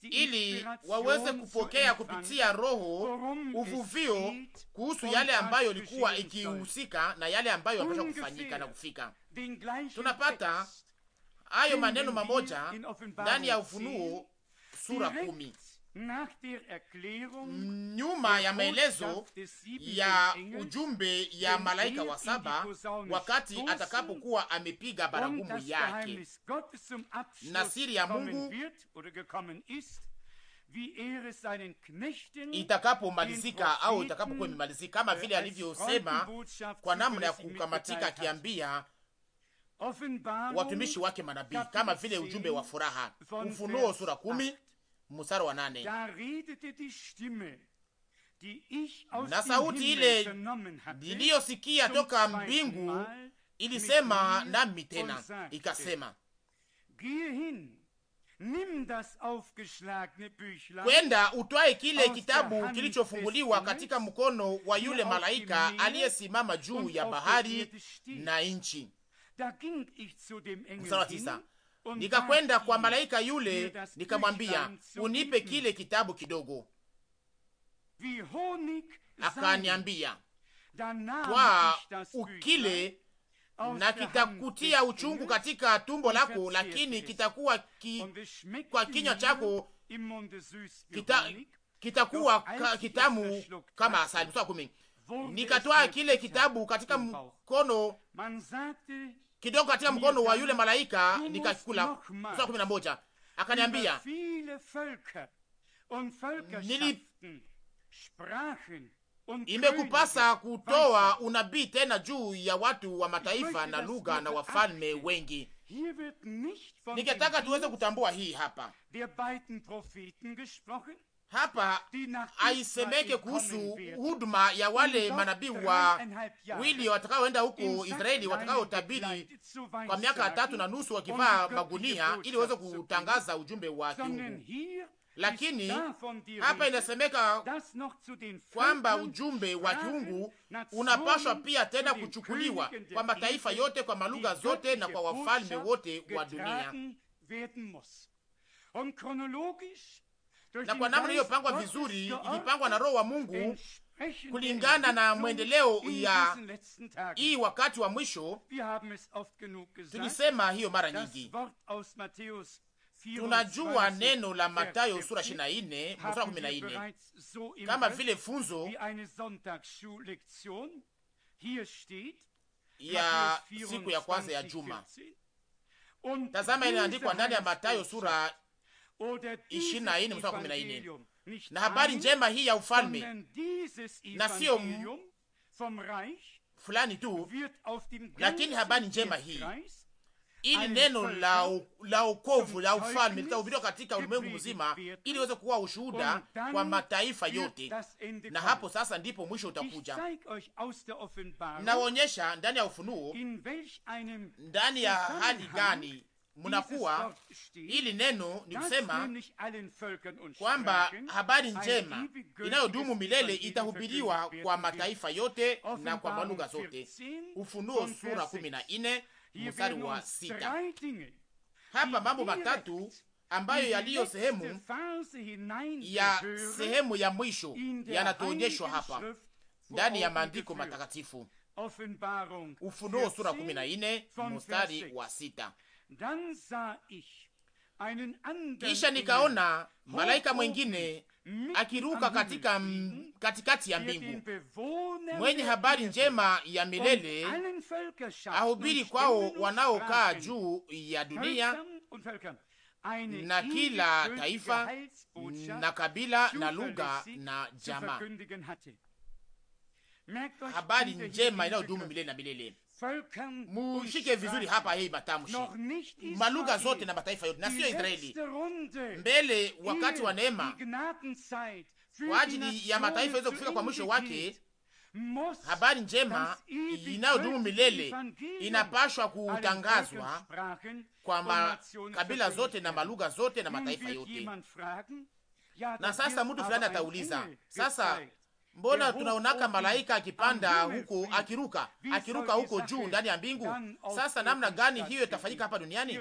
ili waweze kupokea kupitia Roho uvuvio kuhusu yale ambayo ilikuwa ikihusika na yale ambayo yapasha kufanyika na kufika. Tunapata hayo maneno mamoja ndani ya Ufunuo sura kumi nyuma ya maelezo ya ujumbe ya malaika wa saba wakati atakapokuwa amepiga baragumu yake na siri ya Mungu er itakapomalizika au itakapokuwa imemalizika, kama vile alivyosema kwa namna ya kukamatika, akiambia watumishi wake manabii, kama vile ujumbe wa furaha, Ufunuo sura kumi mstari wa nane. Na sauti ile niliyosikia toka mbingu ilisema nami tena ikasema, kwenda utwae kile kitabu kilichofunguliwa katika mkono wa yule malaika aliyesimama juu ya bahari na nchi mstari nikakwenda kwa malaika yule nikamwambia, unipe kile kitabu kidogo. Akaniambia, kwa ukile na kitakutia uchungu katika tumbo lako, lakini kitakuwa ki, kwa kinywa chako kita, kitakuwa ka, kitamu kama asali. Nikatwaa kile kitabu katika mkono kidogo katika mkono wa yule malaika nikakula Sura kumi na moja akaniambia, imekupasa kutoa unabii tena juu ya watu wa mataifa na lugha na wafalme wengi. Ningetaka tuweze kutambua hii hapa hapa aisemeke kuhusu huduma ya wale manabii wawili watakaoenda huko Israeli, watakaotabiri kwa miaka tatu na nusu wakivaa magunia, ili waweze kutangaza ujumbe wa kiungu. Lakini hapa inasemeka kwamba ujumbe wa kiungu unapashwa pia tena kuchukuliwa kwa mataifa yote, kwa malugha zote na kwa wafalme wote wa dunia na kwa namna iliyopangwa vizuri, ilipangwa na Roho wa Mungu kulingana na mwendeleo ya hii wakati wa mwisho. Tulisema hiyo mara nyingi. Tunajua neno la Matayo sura 24 mstari 14 kama vile funzo ya siku ya kwanza ya juma. Tazama, inaandikwa ndani ya Mathayo sura ishirini na nne mstari wa kumi na nne na habari njema hii ya ufalme na sio fulani tu, lakini habari njema hii ili neno la ukovu la ufalme litahubiriwa katika ulimwengu mzima, ili iweze kuwa ushuhuda kwa mataifa yote. Na hapo sasa ndipo mwisho utakuja. Nawaonyesha ndani ya Ufunuo, ndani ya hali gani munakuwa ili neno ni kusema kwamba habari njema inayodumu milele itahubiriwa kwa mataifa yote na kwa malugha zote. Ufunuo sura kumi na nne mstari wa sita. Hapa mambo matatu ambayo yaliyo sehemu ya sehemu ya mwisho yanatuonyeshwa hapa ndani ya maandiko matakatifu. Ufunuo sura kumi na nne mstari wa sita. Kisha nikaona malaika mwengine akiruka katika katikati ya mbingu, mwenye habari njema ya milele ahubiri kwao wanaokaa juu ya dunia na kila taifa na kabila na lugha na jamaa. Habari njema inayodumu milele na milele. Mushike vizuri hapa hii matamshi, malugha zote na mataifa yote na sio Israeli mbele, wakati wa neema kwa ajili ya mataifa iweze kufika kwa mwisho wake. Habari njema inayodumu milele inapashwa kutangazwa kwa makabila zote na malugha zote na mataifa yote. Na sasa mtu fulani atauliza sasa Mbona tunaonaka malaika akipanda huko akiruka akiruka huko juu ndani ya mbingu? Sasa namna gani hiyo itafanyika hapa duniani?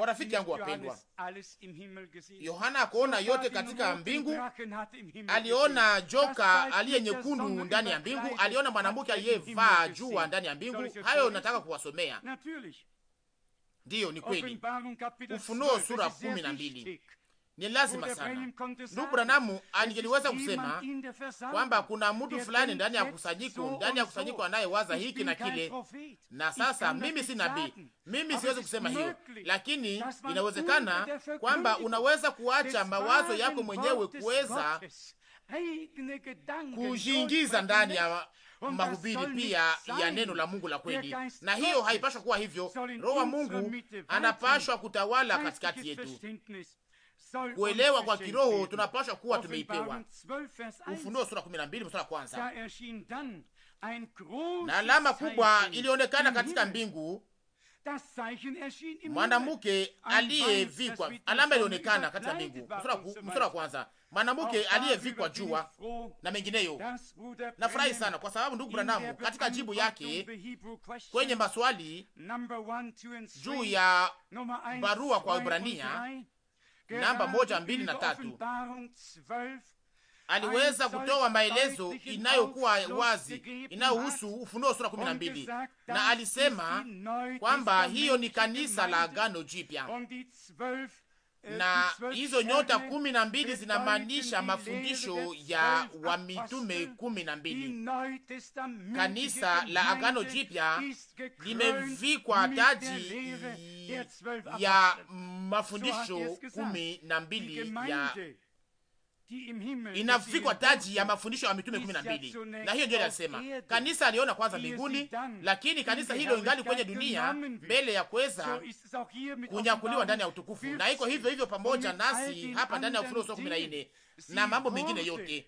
Warafiki yangu wapendwa, Yohana akuona yote katika mbingu. Aliona joka aliye nyekundu ndani ya mbingu, aliona mwanamke aliyevaa jua ndani ya mbingu. Hayo nataka kuwasomea. Ndiyo, ni kweli. Ufunuo sura kumi na mbili ni lazima sana. Ndugu Branamu angeliweza kusema kwamba kuna mtu fulani ndani ya kusanyiko, ndani ya kusanyiko anayewaza hiki na kile. Na sasa mimi si nabii, mimi siwezi kusema hiyo, lakini inawezekana kwamba unaweza kuacha mawazo yako mwenyewe kuweza kujiingiza ndani ya mahubiri pia ya neno la Mungu la kweli, na hiyo haipashwa kuwa hivyo. Roho wa Mungu anapashwa kutawala katikati yetu kuelewa kwa kiroho tunapasha kuwa tumeipewa. Ufunuo sura 12 mstari wa kwanza. Na alama kubwa ilionekana katika mbingu, mwanamke aliyevikwa. Alama ilionekana katika mbingu, mstari wa kwanza, mwanamke aliyevikwa jua na mengineyo. Nafurahi sana kwa sababu ndugu Branamu katika jibu yake kwenye maswali juu ya barua kwa Ibrania namba moja mbili na tatu aliweza kutoa maelezo inayokuwa wazi inayohusu Ufunuo sura kumi na mbili na alisema kwamba hiyo ni kanisa la agano jipya na hizo nyota kumi na mbili zinamaanisha mafundisho ya wa mitume kumi na mbili. Kanisa la Agano Jipya limevikwa taji ya mafundisho kumi na mbili ya inafikwa taji ya mafundisho ya mitume kumi na mbili na hiyo ndio inasema kanisa aliona kwanza mbinguni, lakini kanisa hilo ingali kwenye dunia mbele ya kuweza kunyakuliwa ndani ya utukufu, na iko hivyo hivyo pamoja nasi hapa ndani ya Ufunuo sura kumi na nne na mambo mengine yote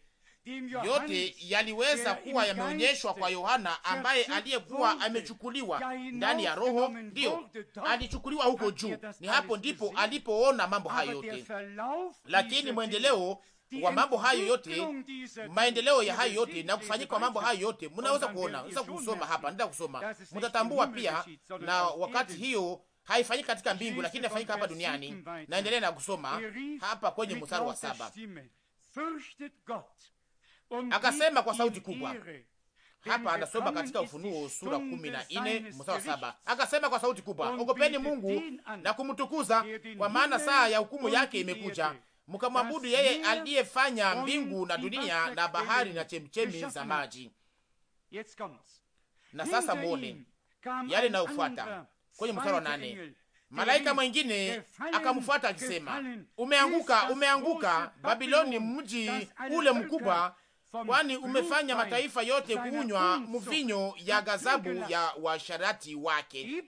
yote yaliweza kuwa yameonyeshwa kwa Yohana ambaye aliyekuwa amechukuliwa ndani ya Roho, ndiyo alichukuliwa huko juu. Ni hapo ndipo alipoona mambo hayo yote, lakini mwendeleo wa mambo hayo yote, maendeleo ya hayo yote na kufanyika kwa mambo hayo yote, mnaweza kuona, naweza kusoma hapa, nenda kusoma, mtatambua pia, na wakati hiyo haifanyiki katika mbingu, lakini inafanyika hapa duniani. Naendelea na kusoma hapa kwenye mstari wa saba, akasema kwa sauti kubwa hapa anasoma katika Ufunuo sura kumi na nne mstari wa saba akasema kwa sauti kubwa, ogopeni Mungu na kumtukuza, kwa maana saa ya hukumu yake imekuja, mkamwabudu yeye aliyefanya mbingu na dunia na bahari na chemchemi za maji. Na sasa mwone yale inayofuata kwenye mstari wa nane. Malaika mwengine akamfuata akisema, umeanguka, umeanguka Babiloni, mji ule mkubwa, kwani umefanya mataifa yote kunywa mvinyo ya ghadhabu ya washarati wake.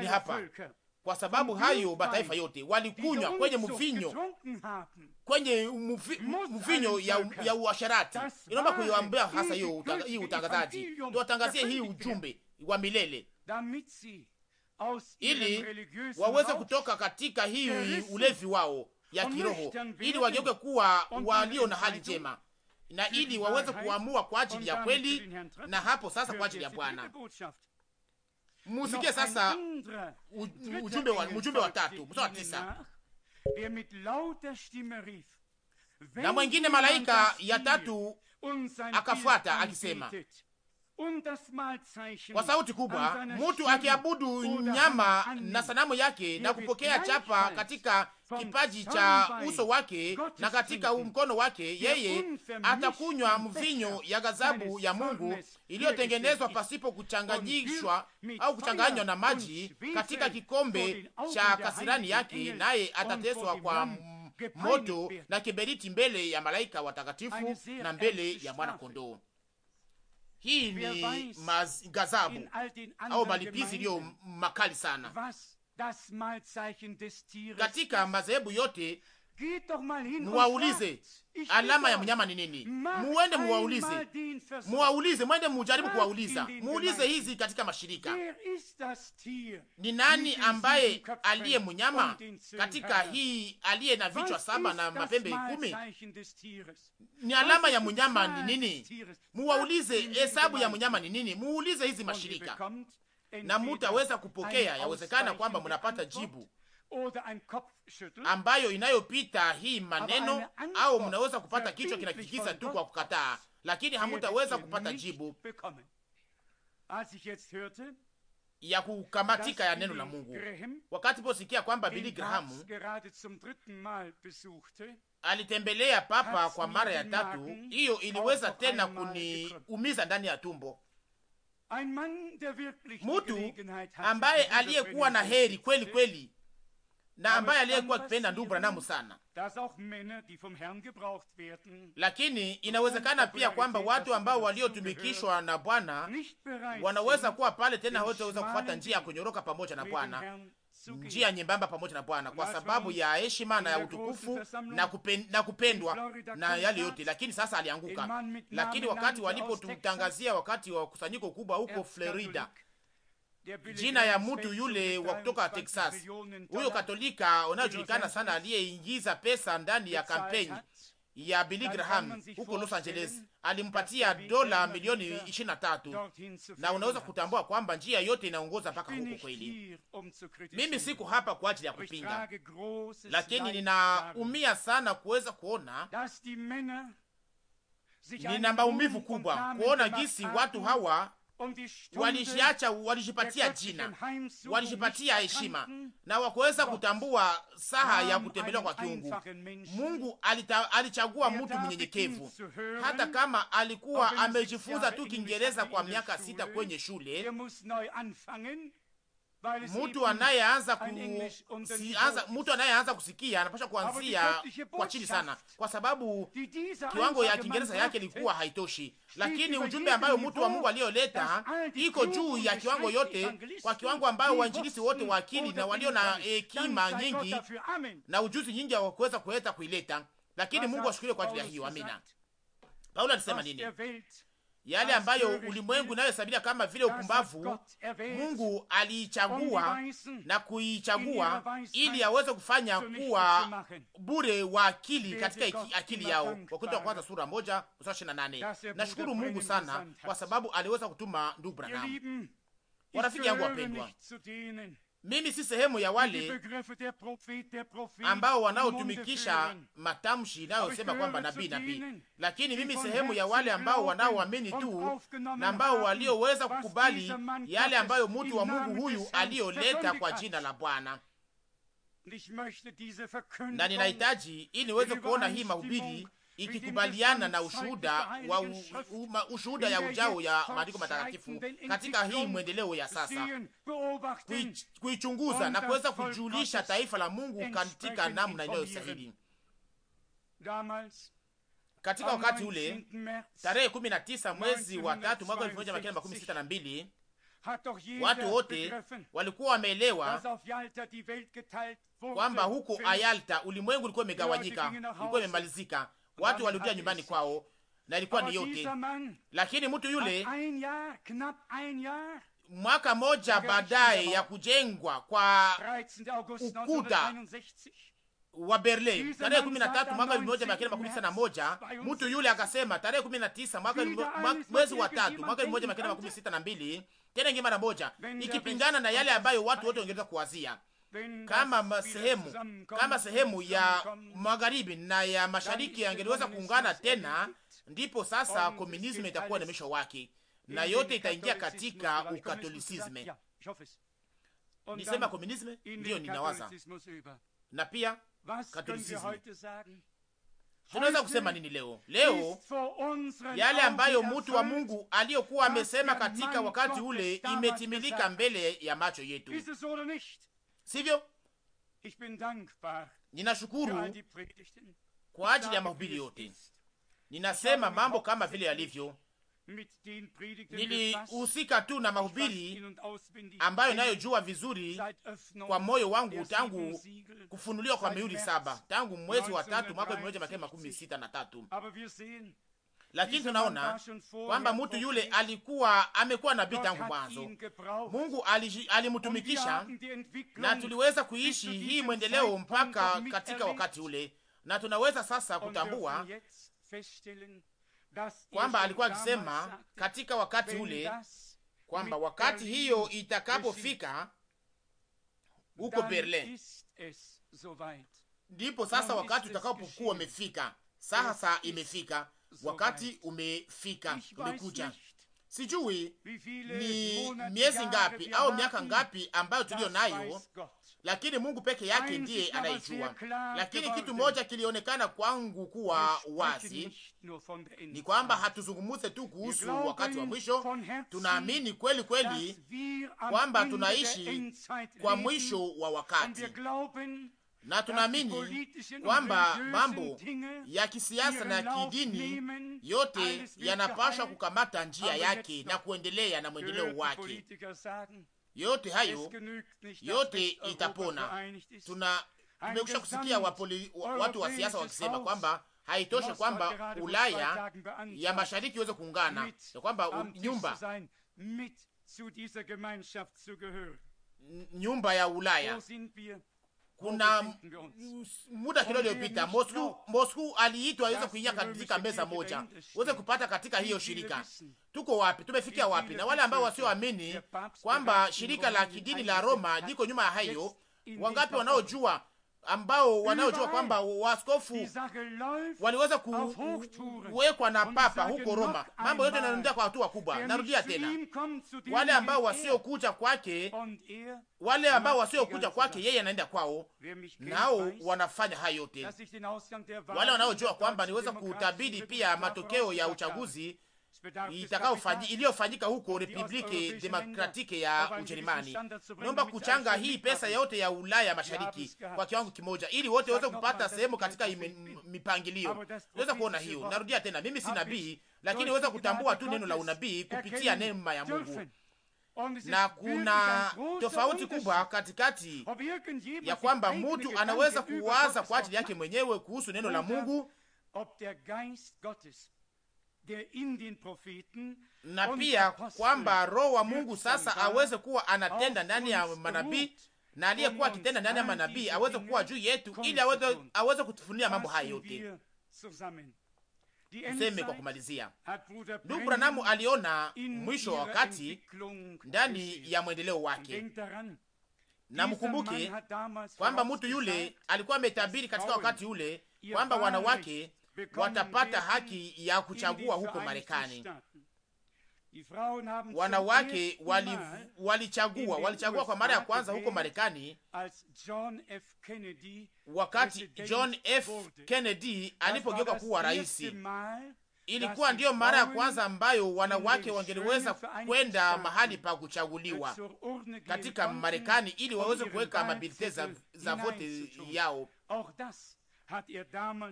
Ni hapa kwa sababu hayo mataifa yote walikunywa kwenye mvinyo kwenye mvinyo ya, ya uasharati. Inaomba kuiambia hasa hiyo hii utangazaji, tuwatangazie hii ujumbe wa milele ili waweze kutoka katika hii ulevi wao ya kiroho, ili wageuke kuwa walio na hali njema na ili waweze kuamua kwa ajili ya kweli, na hapo sasa kwa ajili ya Bwana. Musikie sasa ujumbe wa mjumbe wa tatu mstari wa tisa na mwengine malaika ya tatu akafuata akisema kwa sauti kubwa, mtu akiabudu nyama na sanamu yake na kupokea chapa katika kipaji cha uso wake na katika mkono wake, yeye atakunywa mvinyo ya ghadhabu ya Mungu iliyotengenezwa pasipo kuchanganyishwa au kuchanganywa na maji katika kikombe cha kasirani yake, naye atateswa kwa moto na kiberiti mbele ya malaika watakatifu na mbele ya mwana kondoo. Hii ni ghadhabu au malipizi iliyo makali sana katika madhehebu yote muwaulize alama ya mnyama ni nini, muende muwaulize, muwaulize, mwende mujaribu kuwauliza, muulize hizi katika mashirika, ni nani ambaye aliye mnyama katika hii aliye na vichwa saba na mapembe kumi? Ni alama ya mnyama ni nini? Muwaulize hesabu ya mnyama ni nini, muulize hizi mashirika, na mutaweza kupokea. Yawezekana kwamba mnapata jibu ambayo inayopita hii maneno, au mnaweza kupata kichwa kinakitikisa tu kwa kukataa, lakini hamutaweza kupata jibu ya kukamatika ya neno la Mungu. Wakati posikia kwamba Billy Graham alitembelea papa kwa mara ya tatu, hiyo iliweza tena kuniumiza ndani ya tumbo. Mutu ambaye aliyekuwa na heri kweli kweli na ambaye aliyekuwa akipenda ndugu Branamu sana, lakini inawezekana pia kwamba watu ambao waliotumikishwa na Bwana wanaweza kuwa pale tena, hawataweza kufuata njia ya kunyoroka pamoja na Bwana, njia nyembamba pamoja na Bwana, kwa sababu ya heshima na ya utukufu na, kupen, na kupendwa na yale yote. Lakini sasa alianguka. Lakini wakati walipotutangazia wakati wa kusanyiko kubwa huko Florida jina ya mtu yule wa kutoka Texas, huyo katolika unayojulikana sana, aliyeingiza pesa ndani ya kampeni ya Billy Graham huko Los Angeles, alimpatia dola milioni 23, na unaweza kutambua kwamba njia yote inaongoza mpaka huko kweli. Mimi siko hapa kwa ajili ya kupinga, lakini ninaumia sana kuweza kuona nina maumivu kubwa kuona jinsi watu hawa walishiacha, walishipatia jina, walishipatia heshima na wakuweza kutambua saha ya kutembelewa kwa kiungu. Mungu alita, alichagua mtu mnyenyekevu, hata kama alikuwa amejifunza tu Kiingereza kwa miaka sita kwenye shule Mtu anayeanza ku, si, mtu anayeanza kusikia anapaswa kuanzia kwa chini sana, kwa sababu kiwango ya Kiingereza yake ilikuwa haitoshi, lakini ujumbe ambayo mtu wa Mungu aliyoleta iko juu ya kiwango yote, kwa kiwango ambayo wainjilisi wote wa akili na walio na hekima nyingi na ujuzi nyingi hawakuweza kuweza kuileta, lakini Mungu ashukuliwe kwa ajili ya hiyo. Amina. Paulo alisema nini? yale ambayo ulimwengu inayohesabia kama vile upumbavu, Mungu aliichagua na kuichagua ili aweze kufanya kuwa bure wa akili katika akili yao. Wakorintho wa kwanza sura moja mstari ishirini na nane. Nashukuru Mungu sana kwa sababu aliweza kutuma ndugu Branham. Warafiki yangu wapendwa, mimi si sehemu ya wale ambao wanaotumikisha matamshi inayosema kwamba nabii nabii, lakini mimi sehemu ya wale ambao wanaoamini tu na ambao walioweza kukubali yale ambayo mtu wa Mungu huyu aliyoleta kwa jina la Bwana. Na ninahitaji ili niweze kuona hii mahubiri ikikubaliana na ushuhuda wa u, u, ushuhuda ya ujao ya maandiko matakatifu katika hii mwendeleo ya sasa, kuichunguza na kuweza kujulisha taifa la Mungu katika namna sahihi. Katika wakati ule tarehe 19 mwezi wa 3 mwaka 1962 watu wote walikuwa wameelewa kwamba huko Ayalta ulimwengu ulikuwa umegawanyika, ulikuwa imemalizika watu walirudia nyumbani kwao, na ilikuwa oh, ni yote. Lakini mtu yule mwaka moja baadaye ya kujengwa kwa ukuta wa Berlin tarehe kumi na tatu mwaka elfu moja mia kenda makumi tisa na moja mtu yule akasema tarehe kumi na tisa mwezi wa tatu mwaka elfu moja mia kenda makumi sita na mbili tena ingi mara moja, ikipingana na yale ambayo watu wote wangeweza kuwazia kama sehemu kama sehemu ya magharibi na ya yaani mashariki yangeliweza kuungana tena, ndipo sasa komunisme itakuwa na mwisho wake na yote itaingia katika ukatolisisme. Nisema komunisme ndiyo ninawaza, na pia katolisisme. Tunaweza kusema nini leo? Leo yale ambayo mtu wa Mungu aliyokuwa amesema katika wakati ule imetimilika mbele ya macho yetu sivyo? Ninashukuru kwa ajili ya mahubiri yote. Ninasema mambo kama vile yalivyo. Nilihusika tu na mahubiri ambayo inayojua vizuri kwa moyo wangu tangu kufunuliwa kwa miuli saba tangu mwezi wa tatu mwaka elfu moja makumi sita na tatu, lakini tunaona kwamba mtu yule alikuwa amekuwa nabii tangu mwanzo. Mungu alimtumikisha na tuliweza kuishi hii mwendeleo mpaka katika wakati ule, na tunaweza sasa kutambua kwamba alikuwa akisema katika wakati ule kwamba wakati hiyo itakapofika huko Berlin, ndipo sasa wakati utakapokuwa umefika. Sasa imefika wakati umefika, umekuja. Sijui ni miezi ngapi au miaka ngapi ambayo tuliyo nayo, lakini Mungu peke yake ndiye anayejua. Lakini kitu moja kilionekana kwangu kuwa wazi ni kwamba hatuzungumuze tu kuhusu wakati wa mwisho. Tunaamini kweli kweli kwamba tunaishi kwa mwisho wa wakati, na tunaamini kwamba mambo ya kisiasa na kidini yote yanapashwa kukamata njia yake na kuendelea na mwendeleo wake. Yote hayo yote itapona. Tuna tumekusha kusikia wapoli, watu wa siasa wakisema kwamba haitoshi kwamba Ulaya ya mashariki iweze kuungana, ya kwamba nyumba nyumba ya Ulaya kuna muda kidogo iliyopita Moscow, Moscow aliitwa iweze kuingia katika meza moja, uweze kupata katika hiyo shirika. Tuko wapi? Tumefikia wapi? Na wale ambao wasioamini kwamba shirika la kidini la Roma liko nyuma ya hayo, wangapi wanaojua ambao wanaojua kwamba waskofu waliweza kuwekwa na papa huko Roma. Mambo yote yanaendea kwa hatua kubwa. Narudia tena, wale ambao wasiokuja kwake, wale ambao wasiokuja kwake, yeye anaenda kwao, nao wanafanya hayo yote. Wale wanaojua kwamba niweza kutabidi pia matokeo ya uchaguzi iliyofanyika huko Republike Demokratike ya Ujerumani. Naomba kuchanga hii pesa yote ya Ulaya Mashariki kwa kiwango kimoja, ili wote waweze kupata sehemu katika mipangilio. Naweza kuona hiyo. Narudia tena, mimi si nabii, lakini weza kutambua tu neno la unabii kupitia neema ya Mungu na kuna tofauti kubwa katikati ya kwamba mtu anaweza kuwaza kwa ajili yake mwenyewe kuhusu neno la Mungu na pia kwamba Roho wa Mungu sasa aweze kuwa anatenda ndani ya manabii na aliyekuwa akitenda ndani ya manabii aweze kuwa juu yetu, ili aweze, aweze kutufunia mambo haya yote. Tuseme kwa kumalizia, ndugu Branamu aliona mwisho wa wakati ndani ya mwendeleo wake, na mkumbuke kwamba mtu yule alikuwa ametabiri katika wakati ule kwamba wanawake watapata haki ya kuchagua huko Marekani. Wanawake walichagua walichagua kwa mara ya kwanza huko Marekani wakati John F. Kennedy alipogeuka kuwa rais. Ilikuwa ndiyo mara ya kwanza ambayo wanawake wangeliweza kwenda mahali pa kuchaguliwa katika Marekani ili waweze kuweka mabilite za vote yao.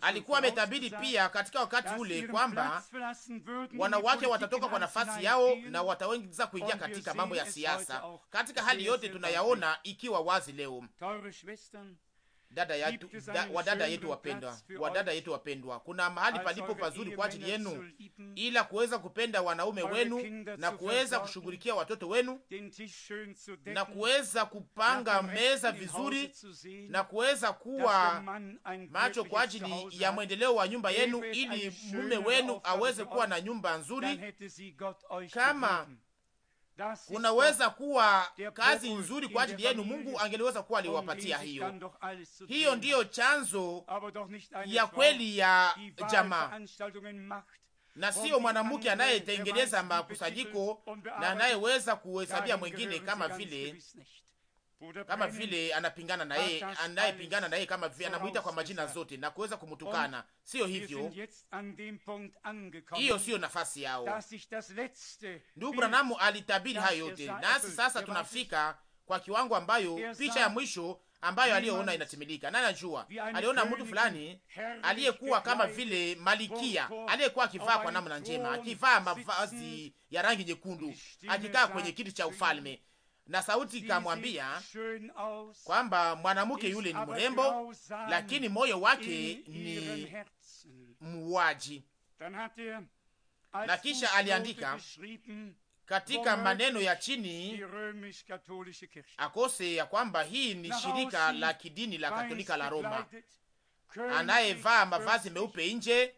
Alikuwa ametabiri pia katika wakati ule kwamba um wanawake watatoka kwa nafasi yao na wataweza kuingia katika mambo ya siasa. Katika hali yote tunayaona ikiwa wazi leo dada yetu, da, wa dada yetu wapendwa, wa dada yetu wapendwa, kuna mahali palipo pazuri kwa ajili yenu, ila kuweza kupenda wanaume wenu na kuweza kushughulikia watoto wenu na kuweza kupanga meza vizuri na kuweza kuwa macho kwa ajili ya mwendeleo wa nyumba yenu, ili mume wenu aweze kuwa na nyumba nzuri kama unaweza kuwa kazi nzuri kwa ajili yenu. Mungu angeliweza kuwa aliwapatia hiyo. Hiyo ndiyo chanzo ya kweli ya jamaa na um siyo mwanamke anayetengeneza makusanyiko um na anayeweza kuhesabia mwengine kama vile kama vile anapingana na yeye, anayepingana na yeye kama vile anamuita kwa majina zote na kuweza kumtukana. Sio hivyo, hiyo siyo nafasi yao. Ndugu Branamu alitabiri hayo yote, nasi sasa tunafika kwa kiwango ambayo picha ya mwisho ambayo aliyoona inatimilika. Nani anajua? Aliona mtu fulani aliyekuwa kama vile malikia, aliyekuwa akivaa kwa namna njema, akivaa mavazi ya rangi nyekundu, akikaa kwenye kiti cha ufalme na sauti ikamwambia kwamba mwanamke yule ni mrembo, lakini moyo wake ni muwaji. Na kisha aliandika katika maneno ya chini akose ya kwamba hii ni shirika la kidini la Katolika la Roma anayevaa mavazi meupe nje,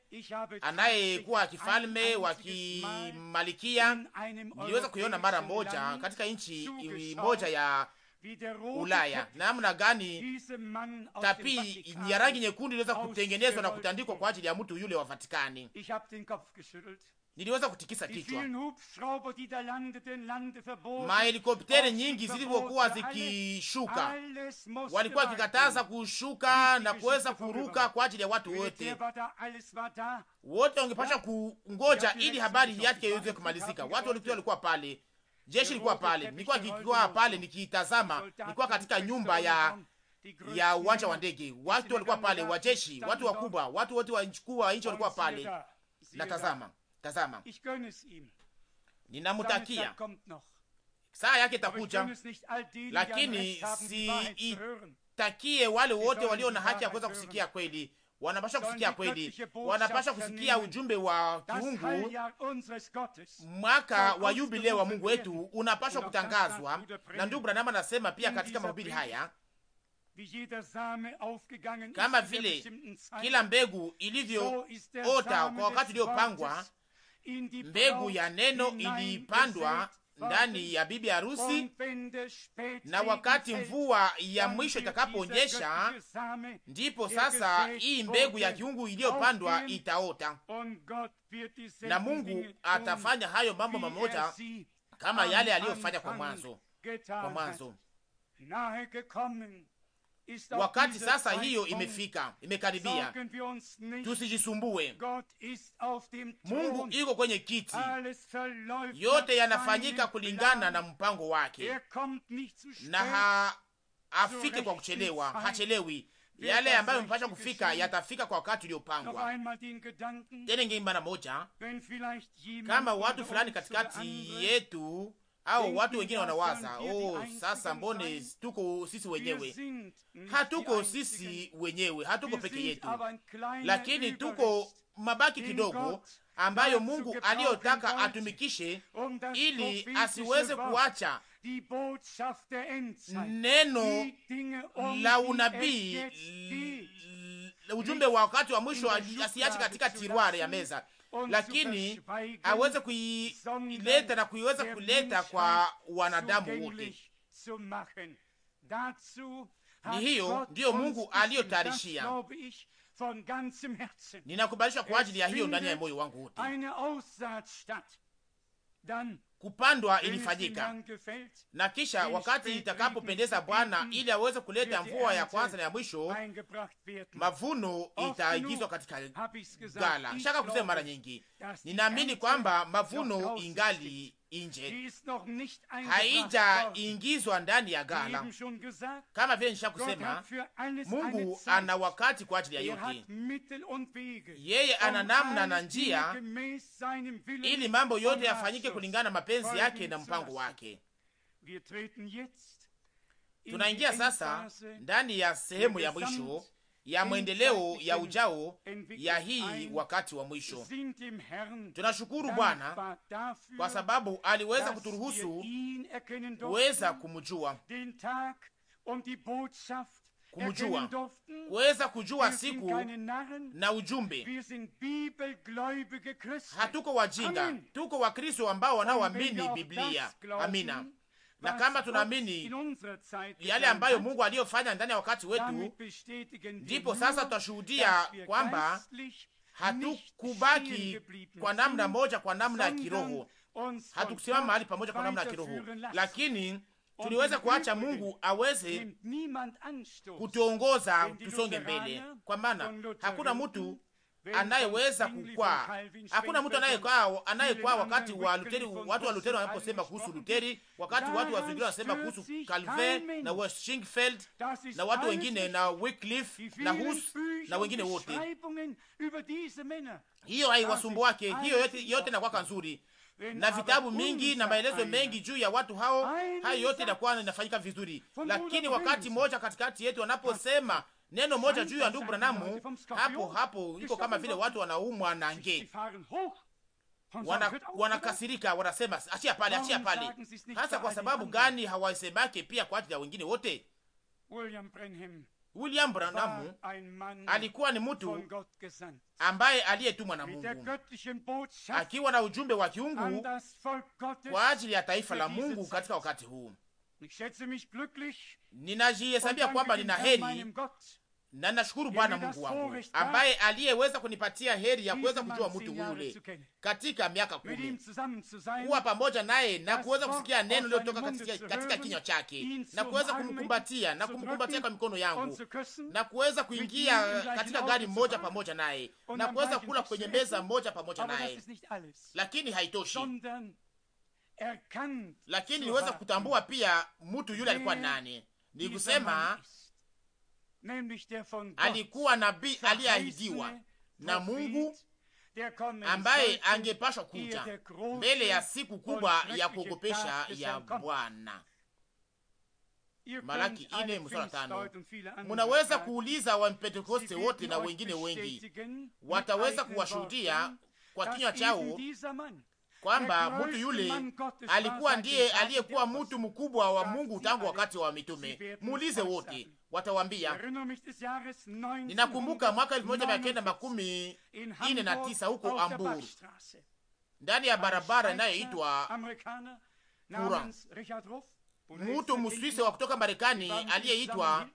anayekuwa kifalme wa kimalikia. Niliweza kuiona mara moja katika nchi moja ya Ulaya, namna gani tapii ya rangi nyekundu iliweza kutengenezwa na kutandikwa kwa ajili ya mtu yule wa Vatikani niliweza kutikisa kichwa. Mahelikopteri nyingi zilivyokuwa zikishuka, walikuwa wakikataza kushuka na kuweza kuruka kwa ajili ya watu wote. Wote wangepasha kungoja ili habari yake iweze kumalizika. Watu walikuwa walikuwa pale, jeshi lilikuwa pale, nilikuwa kikiwa pale nikiitazama, nilikuwa katika nyumba ya ya uwanja wa ndege. Watu walikuwa pale, wajeshi, watu wakubwa, watu wote wa nchi walikuwa pale natazama Tazama, ninamutakia saa yake itakuja, lakini siitakie wale wote walio na haki ya kuweza kusikia kweli. Wanapasha kusikia kweli, wanapasha kusikia ujumbe wa kiungu. Mwaka wa yubile wa Mungu wetu unapashwa kutangazwa, na ndugu Branham anasema pia katika mahubiri haya kama vile kila mbegu ilivyoota kwa wakati uliopangwa, mbegu ya neno iliipandwa ndani ya bibi harusi, na wakati mvua ya mwisho itakaponyesha, ndipo sasa hii mbegu ya kiungu iliyopandwa itaota, na Mungu atafanya hayo mambo mamoja kama yale aliyofanya kwa mwanzo, kwa mwanzo Wakati sasa hiyo imefika, imekaribia. Tusijisumbue, Mungu iko kwenye kiti, yote yanafanyika kulingana na mpango wake, na ha afike kwa kuchelewa, hachelewi. Yale ambayo imepasha kufika yatafika kwa wakati uliopangwa. Tena ingine mara moja, kama watu fulani katikati yetu au watu wengine wanawaza oh, sasa mbone tuko sisi wenyewe. Hatuko sisi wenyewe, hatuko peke yetu, lakini tuko mabaki kidogo ambayo Mungu aliyotaka atumikishe ili asiweze kuacha neno la unabii, ujumbe wa wakati wa mwisho asiache katika tirware ya meza lakini aweze kuileta na kuiweza kuleta kwa wanadamu wote. Ni hiyo ndiyo Mungu aliyotayarishia. ninakubalisha kwa ajili ya hiyo ndani ya moyo wangu wote kupandwa ilifanyika, na kisha wakati itakapopendeza Bwana ili aweze kuleta mvua ya kwanza na ya mwisho, mavuno itaingizwa katika gala. Shaka kusema mara nyingi, ninaamini kwamba mavuno ingali nje, haijaingizwa ndani ya gala. Kama vile nisha kusema, Mungu ana wakati kwa ajili ya er yote. Yeye um ana namna na njia, ili mambo yote yafanyike kulingana mapenzi yake na mpango wake. Tunaingia sasa ndani ya sehemu ya mwisho ya mwendeleo ya ujao ya hii wakati wa mwisho. Tunashukuru Bwana kwa sababu aliweza kuturuhusu kuweza kumjua, um kumjua, kuweza kujua siku na ujumbe. Hatuko wajinga, tuko Wakristo ambao wanaoamini Biblia. Amina na kama tunaamini yale ambayo Mungu aliyofanya ndani ya wakati wetu, ndipo sasa tutashuhudia kwamba hatukubaki kwa namna moja, kwa namna ya kiroho, hatukusimama mahali pamoja kwa namna ya kiroho, lakini tuliweza kuacha Mungu aweze kutuongoza tusonge mbele, kwa maana hakuna mtu anayeweza kukwaa. Hakuna mtu anayekwaa anayekwaa wakati wa Luteri, watu wa Luteri wanaposema kuhusu Luteri, wakati watu wa zingine wanasema kuhusu Calvin na Westingfeld na watu wengine na Wycliffe na Hus na wengine wote. Hiyo haiwasumbu wake, hiyo yote yote inakuwa nzuri na vitabu mingi na maelezo mengi juu ya watu hao. Hayo yote inakuwa inafanyika vizuri, lakini wakati mmoja katikati yetu wanaposema neno moja juu ya ndugu Branamu hapo hapo iko kama vile watu wanaumwa na nge, wanakasirika, wana wanasema achia pale, achia pale. Hasa kwa sababu gani hawasemake pia kwa ajili ya wengine wote? William Branham alikuwa ni mtu ambaye aliyetumwa na Mungu akiwa na ujumbe wa kiungu kwa ajili ya taifa la Mungu katika wakati huu ninajihesabia kwamba nina heri na nashukuru Bwana Mungu wangu ambaye aliyeweza kunipatia heri ya kuweza kujua mtu yule katika miaka kumi, kuwa pamoja naye na kuweza kusikia neno lilotoka katika, katika kinywa chake na kuweza kumkumbatia na kumkumbatia kwa mikono yangu na kuweza kuingia katika gari moja pamoja naye na kuweza kula kwenye meza moja pamoja naye, lakini haitoshi lakini niweza kutambua pia mtu yule alikuwa nani ni kusema alikuwa nabii aliyeahidiwa na Mungu ambaye angepashwa kuja mbele ya siku kubwa ya kuogopesha ya Bwana. Malaki ine msura tano. Munaweza kuuliza Wapentekoste wote na wengine wengi wataweza kuwashuhudia kwa kinywa chao kwamba mtu yule alikuwa ndiye aliyekuwa mtu mkubwa wa Mungu tangu wakati wa mitume. Muulize wote, watawambia. Ninakumbuka mwaka elfu moja mia kenda makumi ine na tisa huko Hamburg, ndani ya barabara inayoitwa Kura mtu Mswisi wa kutoka Marekani aliyeitwa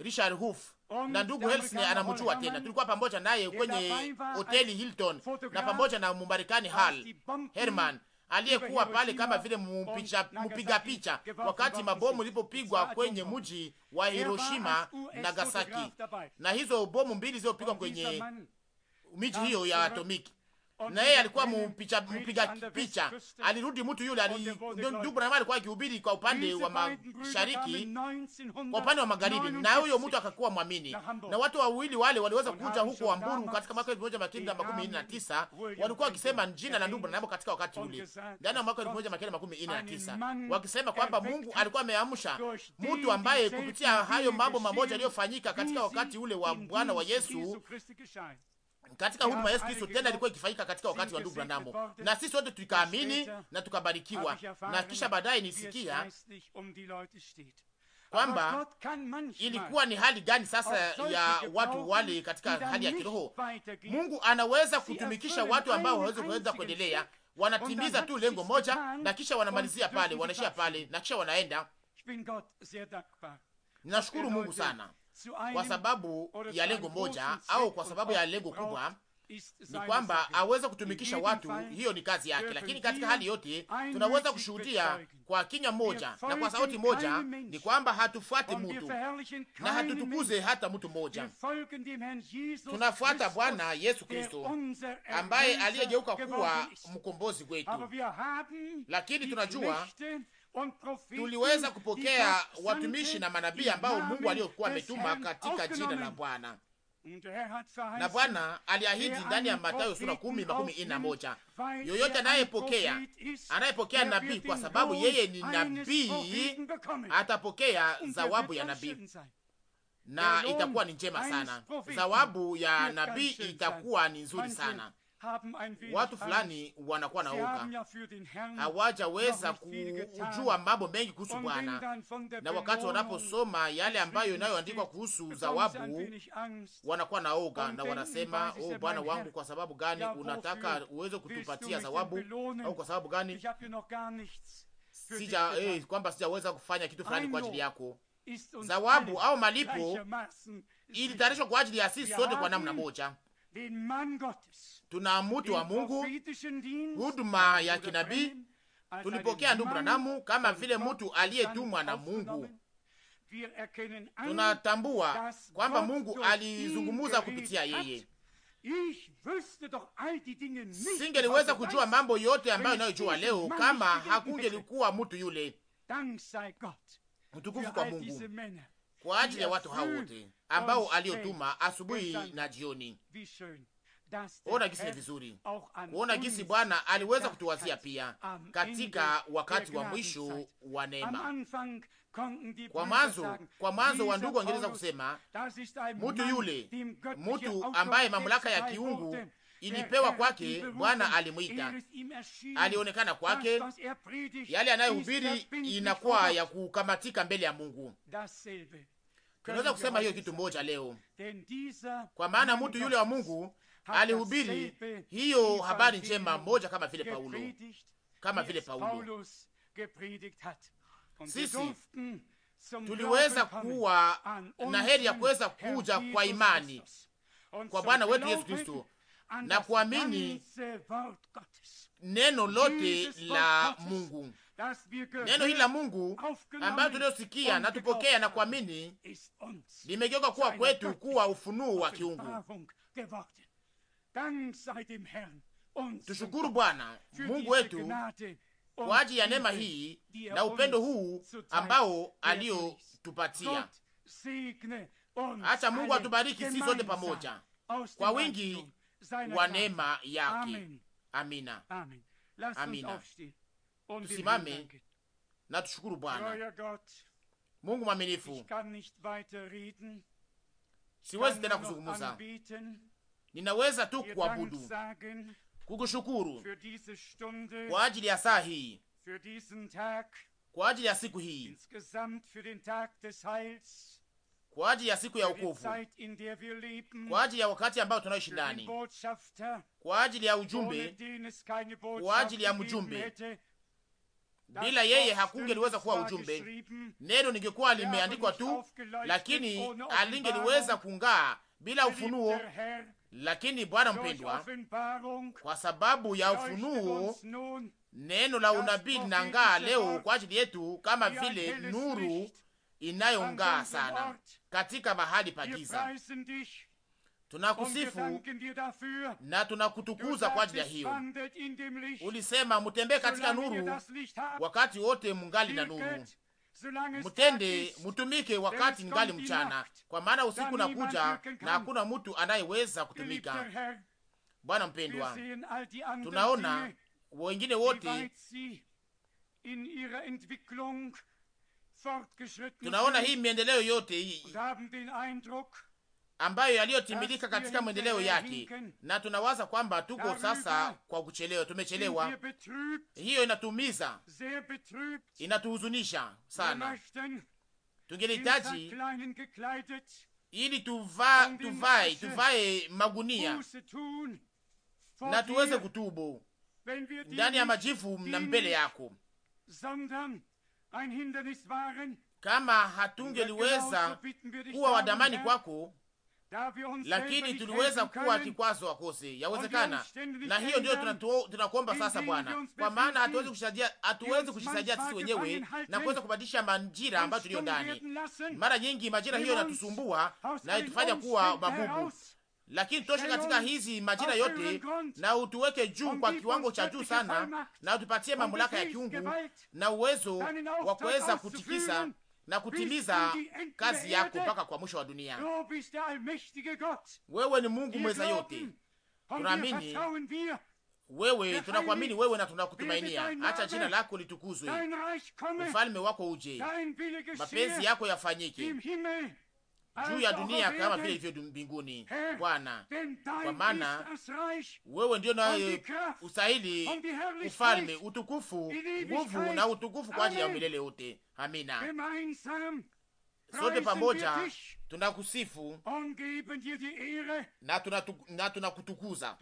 Richard Hoof na ndugu helsne anamjua tena. Tulikuwa pamoja naye kwenye hoteli Hilton na pamoja na mumarekani Hal Herman aliyekuwa pale kama vile mpiga picha wakati mabomu ilipopigwa kwenye mji wa Hiroshima Nagasaki, na hizo bomu mbili zilizopigwa kwenye miji hiyo ya atomiki na yeye alikuwa mpicha mpiga picha. Alirudi mtu yule ali, ndugu Branham alikuwa akihubiri kwa upande wa mashariki, kwa upande wa magharibi, na huyo mtu akakuwa mwamini, na watu wawili wale waliweza kuja huko Hamburg katika mwaka 1949 walikuwa wakisema jina la ndugu Branham katika wakati ule, ndani ya mwaka 1949 wakisema kwamba Mungu alikuwa ameamsha mtu ambaye kupitia hayo mambo mamoja yaliyofanyika katika wakati ule wa Bwana wa Yesu katika huduma Yesu Kristo tena ilikuwa ikifanyika katika wakati wa ndugu Branham, na sisi wote tukaamini uh, na tukabarikiwa, na kisha baadaye nisikia kwamba ilikuwa ni hali gani sasa ya watu wale katika hali ya kiroho. Mungu anaweza kutumikisha watu ambao hawawezi kuweza kuendelea, wanatimiza tu lengo moja, na kisha wanamalizia pale, wanaishia pale, na kisha wanaenda. Ninashukuru Mungu sana kwa sababu ya lengo moja au kwa sababu ya lengo kubwa ni kwamba aweze kutumikisha watu, hiyo ni kazi yake. Lakini katika hali yote tunaweza kushuhudia kwa kinywa moja na kwa sauti moja ni kwamba hatufuati mtu na hatutukuze hata mtu mmoja, tunafuata Bwana Yesu Kristo ambaye aliyegeuka kuwa mkombozi wetu, lakini tunajua tuliweza kupokea watumishi na manabii ambao Mungu aliyokuwa ametuma katika jina la Bwana na Bwana aliahidi ndani ya Mathayo sura kumi makumi ine na moja yoyote anayepokea anayepokea nabii kwa sababu yeye ni nabii atapokea zawabu ya nabii na itakuwa ni njema sana. Zawabu ya nabii itakuwa ni nzuri sana watu fulani wanakuwa na uoga, hawajaweza kujua mambo mengi kuhusu Bwana, na wakati wanaposoma yale ambayo inayoandikwa kuhusu zawabu, wanakuwa na na wanasema, oh, Bwana wangu, kwa sababu gani unataka uweze kutupatia zawabu? Au kwa sababu gani sija eh, kwamba sijaweza kufanya kitu fulani kwa ajili yako. Zawabu au malipo ilitayarishwa kwa ajili ya sisi sote kwa namna moja tuna mtu wa Mungu, huduma ya kinabii tulipokea ndugu Branamu kama vile mtu aliyetumwa na Mungu. Tunatambua kwamba Mungu alizungumuza kupitia yeye. Singeliweza er kujua mambo yote ambayo inayojua leo kama hakungelikuwa mtu yule. Mtukufu kwa Mungu kwa ajili ya watu hao wote ambao aliotuma asubuhi na jioni. Ona gisi ni vizuri kuona gisi Bwana aliweza kutuwazia pia um, katika wakati wa mwisho wa neema. Kwa mwanzo kwa mwanzo wa ndugu wangereza kusema mutu yule, mutu ambaye mamlaka ya kiungu ilipewa kwake, Bwana alimwita, alionekana kwake, yale anayehubiri inakuwa ya kukamatika mbele ya Mungu tunaweza kusema hiyo kitu moja leo, kwa maana mtu yule wa Mungu alihubiri hiyo habari njema moja kama vile Paulo, kama vile Paulo. Sisi tuliweza kuwa na heri ya kuweza kuja kwa imani kwa Bwana wetu Yesu Kristo na kuamini neno lote la Mungu Neno hili la Mungu ambalo tuliosikia na tupokea na kuamini limegeuka kuwa kwetu kuwa ufunuo wa kiungu. Tushukuru Bwana Mungu wetu kwa ajili ya neema hii na upendo huu ambao aliyotupatia. Acha Mungu atubariki sisi sote pamoja kwa wingi wa neema yake. Amina, amina. Tusimame na tushukuru Bwana Mungu mwaminifu. Siwezi tena kuzungumza, ninaweza tu kuabudu, kukushukuru kwa ajili ya saa hii, kwa ajili ya siku hii, kwa ajili ya siku ya ukovu, kwa ajili ya wakati ambao tunaishi ndani, kwa ajili ya ujumbe, kwa ajili ya mjumbe bila yeye hakungeliweza kuwa ujumbe. Neno ningekuwa limeandikwa tu, lakini oh, alingeliweza kung'aa bila ufunuo. Lakini Bwana mpendwa, kwa sababu ya ufunuo, neno la unabii linang'aa leo kwa ajili yetu kama vile nuru inayong'aa sana katika mahali pa giza. Tunakusifu na tunakutukuza kwa ajili ya hiyo. Ulisema mutembee katika nuru wakati wote mungali na nuru, mtende mutumike wakati ngali mchana, kwa maana usiku nakuja na hakuna mtu anayeweza kutumika. Bwana mpendwa, tunaona wengine wote tunaona hii miendeleo yote hii ambayo yaliyotimilika katika mwendeleo yake, na tunawaza kwamba tuko sasa kwa kuchelewa, tumechelewa. Hiyo inatumiza, inatuhuzunisha sana. Tungelihitaji ili tuva, tuvae, tuvae magunia na tuweze kutubu ndani ya majivu na mbele yako kama hatungeliweza kuwa wadamani kwako, lakini tuliweza kuwa kikwazo wakose, yawezekana. Na hiyo ndio tunakuomba sasa, Bwana, kwa maana hatuwezi kujisaidia sisi wenyewe na kuweza kubadilisha majira ambayo tuliyo ndani. Mara nyingi majira hiyo inatusumbua na itufanya kuwa magumu, lakini toshe katika hizi majira yote, na utuweke juu kwa kiwango cha juu sana, na utupatie mamlaka ya kiungu na uwezo wa kuweza kutikisa na kutimiza kazi yako mpaka kwa mwisho wa dunia. Wewe ni Mungu mweza yote, tunaamini wewe, tunakuamini wewe na tunakutumainia. Acha jina lako litukuzwe, ufalme wako uje, mapenzi yako yafanyike Ah, juu ya dunia kama vile ilivyo mbinguni. Eh, Bwana, kwa maana wewe ndio nayo usahili ufalme, utukufu, nguvu na utukufu kwa ajili ya milele yote. Amina. Sote pamoja tunakusifu na tunakutukuza.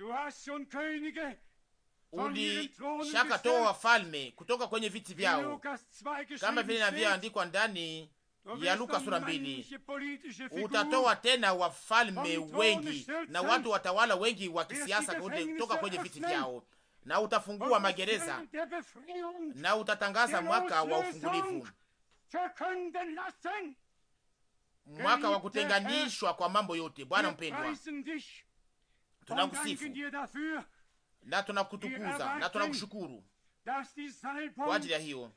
ulishaka toa wafalme kutoka kwenye viti vyao kama vile inavyoandikwa ndani ya Luka sura mbili, utatoa tena wafalme wengi na watu watawala wengi wa kisiasa kutoka kwenye viti vyao, na utafungua magereza na utatangaza mwaka wa ufungulivu, mwaka wa kutenganishwa kwa mambo yote. Bwana mpendwa, tunakusifu na tunakutukuza na tunakushukuru kwa ajili ya hiyo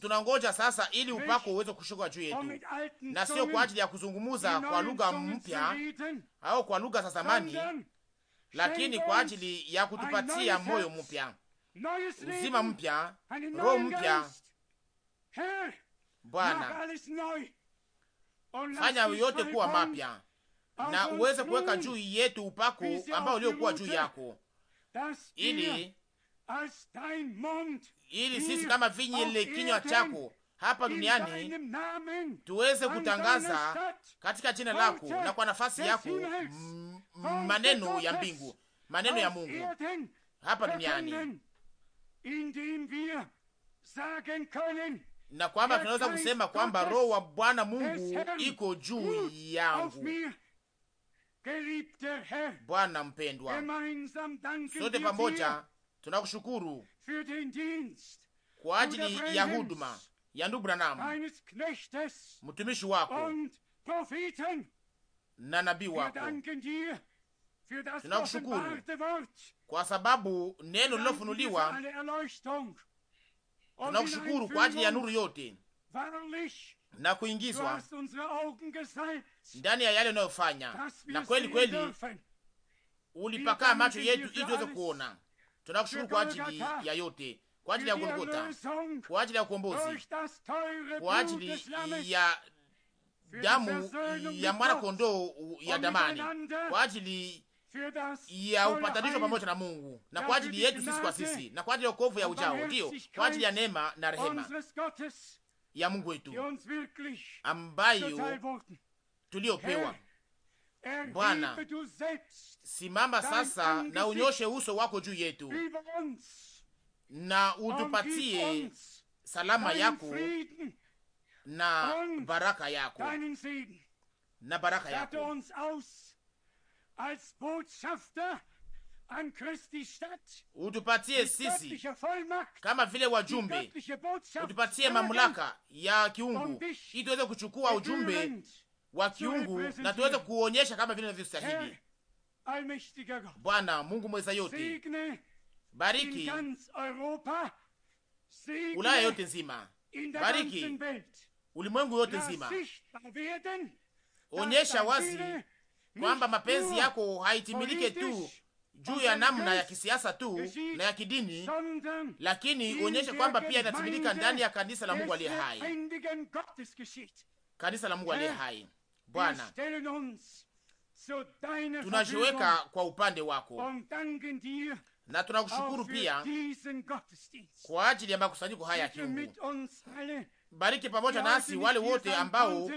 tunangoja sasa ili upako uweze kushuka juu yetu, na sio kwa ajili ya kuzungumuza kwa lugha mpya au kwa lugha za zamani, lakini kwa ajili ya kutupatia moyo mpya, uzima mpya, roho mpya. Bwana, fanya yote kuwa mapya na uweze kuweka juu yetu upako ambao uliokuwa juu yako ili ili sisi kama vinyele kinywa chako hapa duniani tuweze kutangaza katika jina lako na kwa nafasi yako maneno ya mbingu, maneno ya Mungu hapa duniani, na kwamba tunaweza kusema kwamba roho wa Bwana Mungu iko juu yangu. Bwana mpendwa, sote pamoja Tunakushukuru kwa ajili ya huduma ya ndugu Branham mtumishi wako na nabii wako. Tunakushukuru kwa sababu neno lilofunuliwa. Tunakushukuru kwa ajili ya nuru yote na kuingizwa ndani ya yale unayofanya, na kweli kweli ulipakaa macho yetu ili tuweze kuona Tunakushukuru kwa ajili ya yote, kwa ajili ya Golgota, kwa ajili ya ukombozi, kwa ajili ya damu ya mwana kondoo ya damani, kwa ajili ya upatanisho pamoja na Mungu na kwa ajili yetu sisi kwa sisi na kwa ajili ya wokovu ya ujao, ndio kwa ajili ya neema na rehema ya Mungu wetu ambayo tuliyopewa. Bwana, simama sasa na unyoshe uso wako juu yetu na utupatie salama yako na baraka yako na baraka yako. als Botschafter an Christi Stadt. Utupatie sisi kama vile wajumbe, utupatie mamlaka ya kiungu ili tuweze kuchukua ujumbe wa kiungu na tuweze kuonyesha kama vile inavyostahili. Bwana Mungu mweza yote, bariki Ulaya yote nzima, bariki ulimwengu yote nzima, onyesha wazi kwamba mapenzi yako haitimilike tu juu ya namna ya kisiasa tu na ya kidini, lakini onyesha kwamba pia inatimilika ndani ya kanisa la Mungu aliye hai, kanisa la Mungu aliye hai. Bwana, tunajiweka kwa upande wako na tunakushukuru pia kwa ajili ya makusanyiko haya ya kiungu. Bariki pamoja nasi wale wote ambao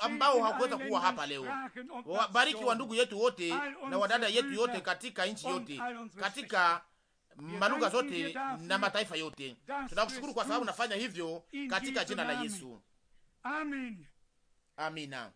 ambao hawakuweza kuwa hapa leo. Bariki wa ndugu yetu wote na wadada yetu yote katika nchi yote, katika malugha zote na mataifa yote. Tunakushukuru kwa sababu nafanya hivyo katika jina la Yesu. Amen. Amina.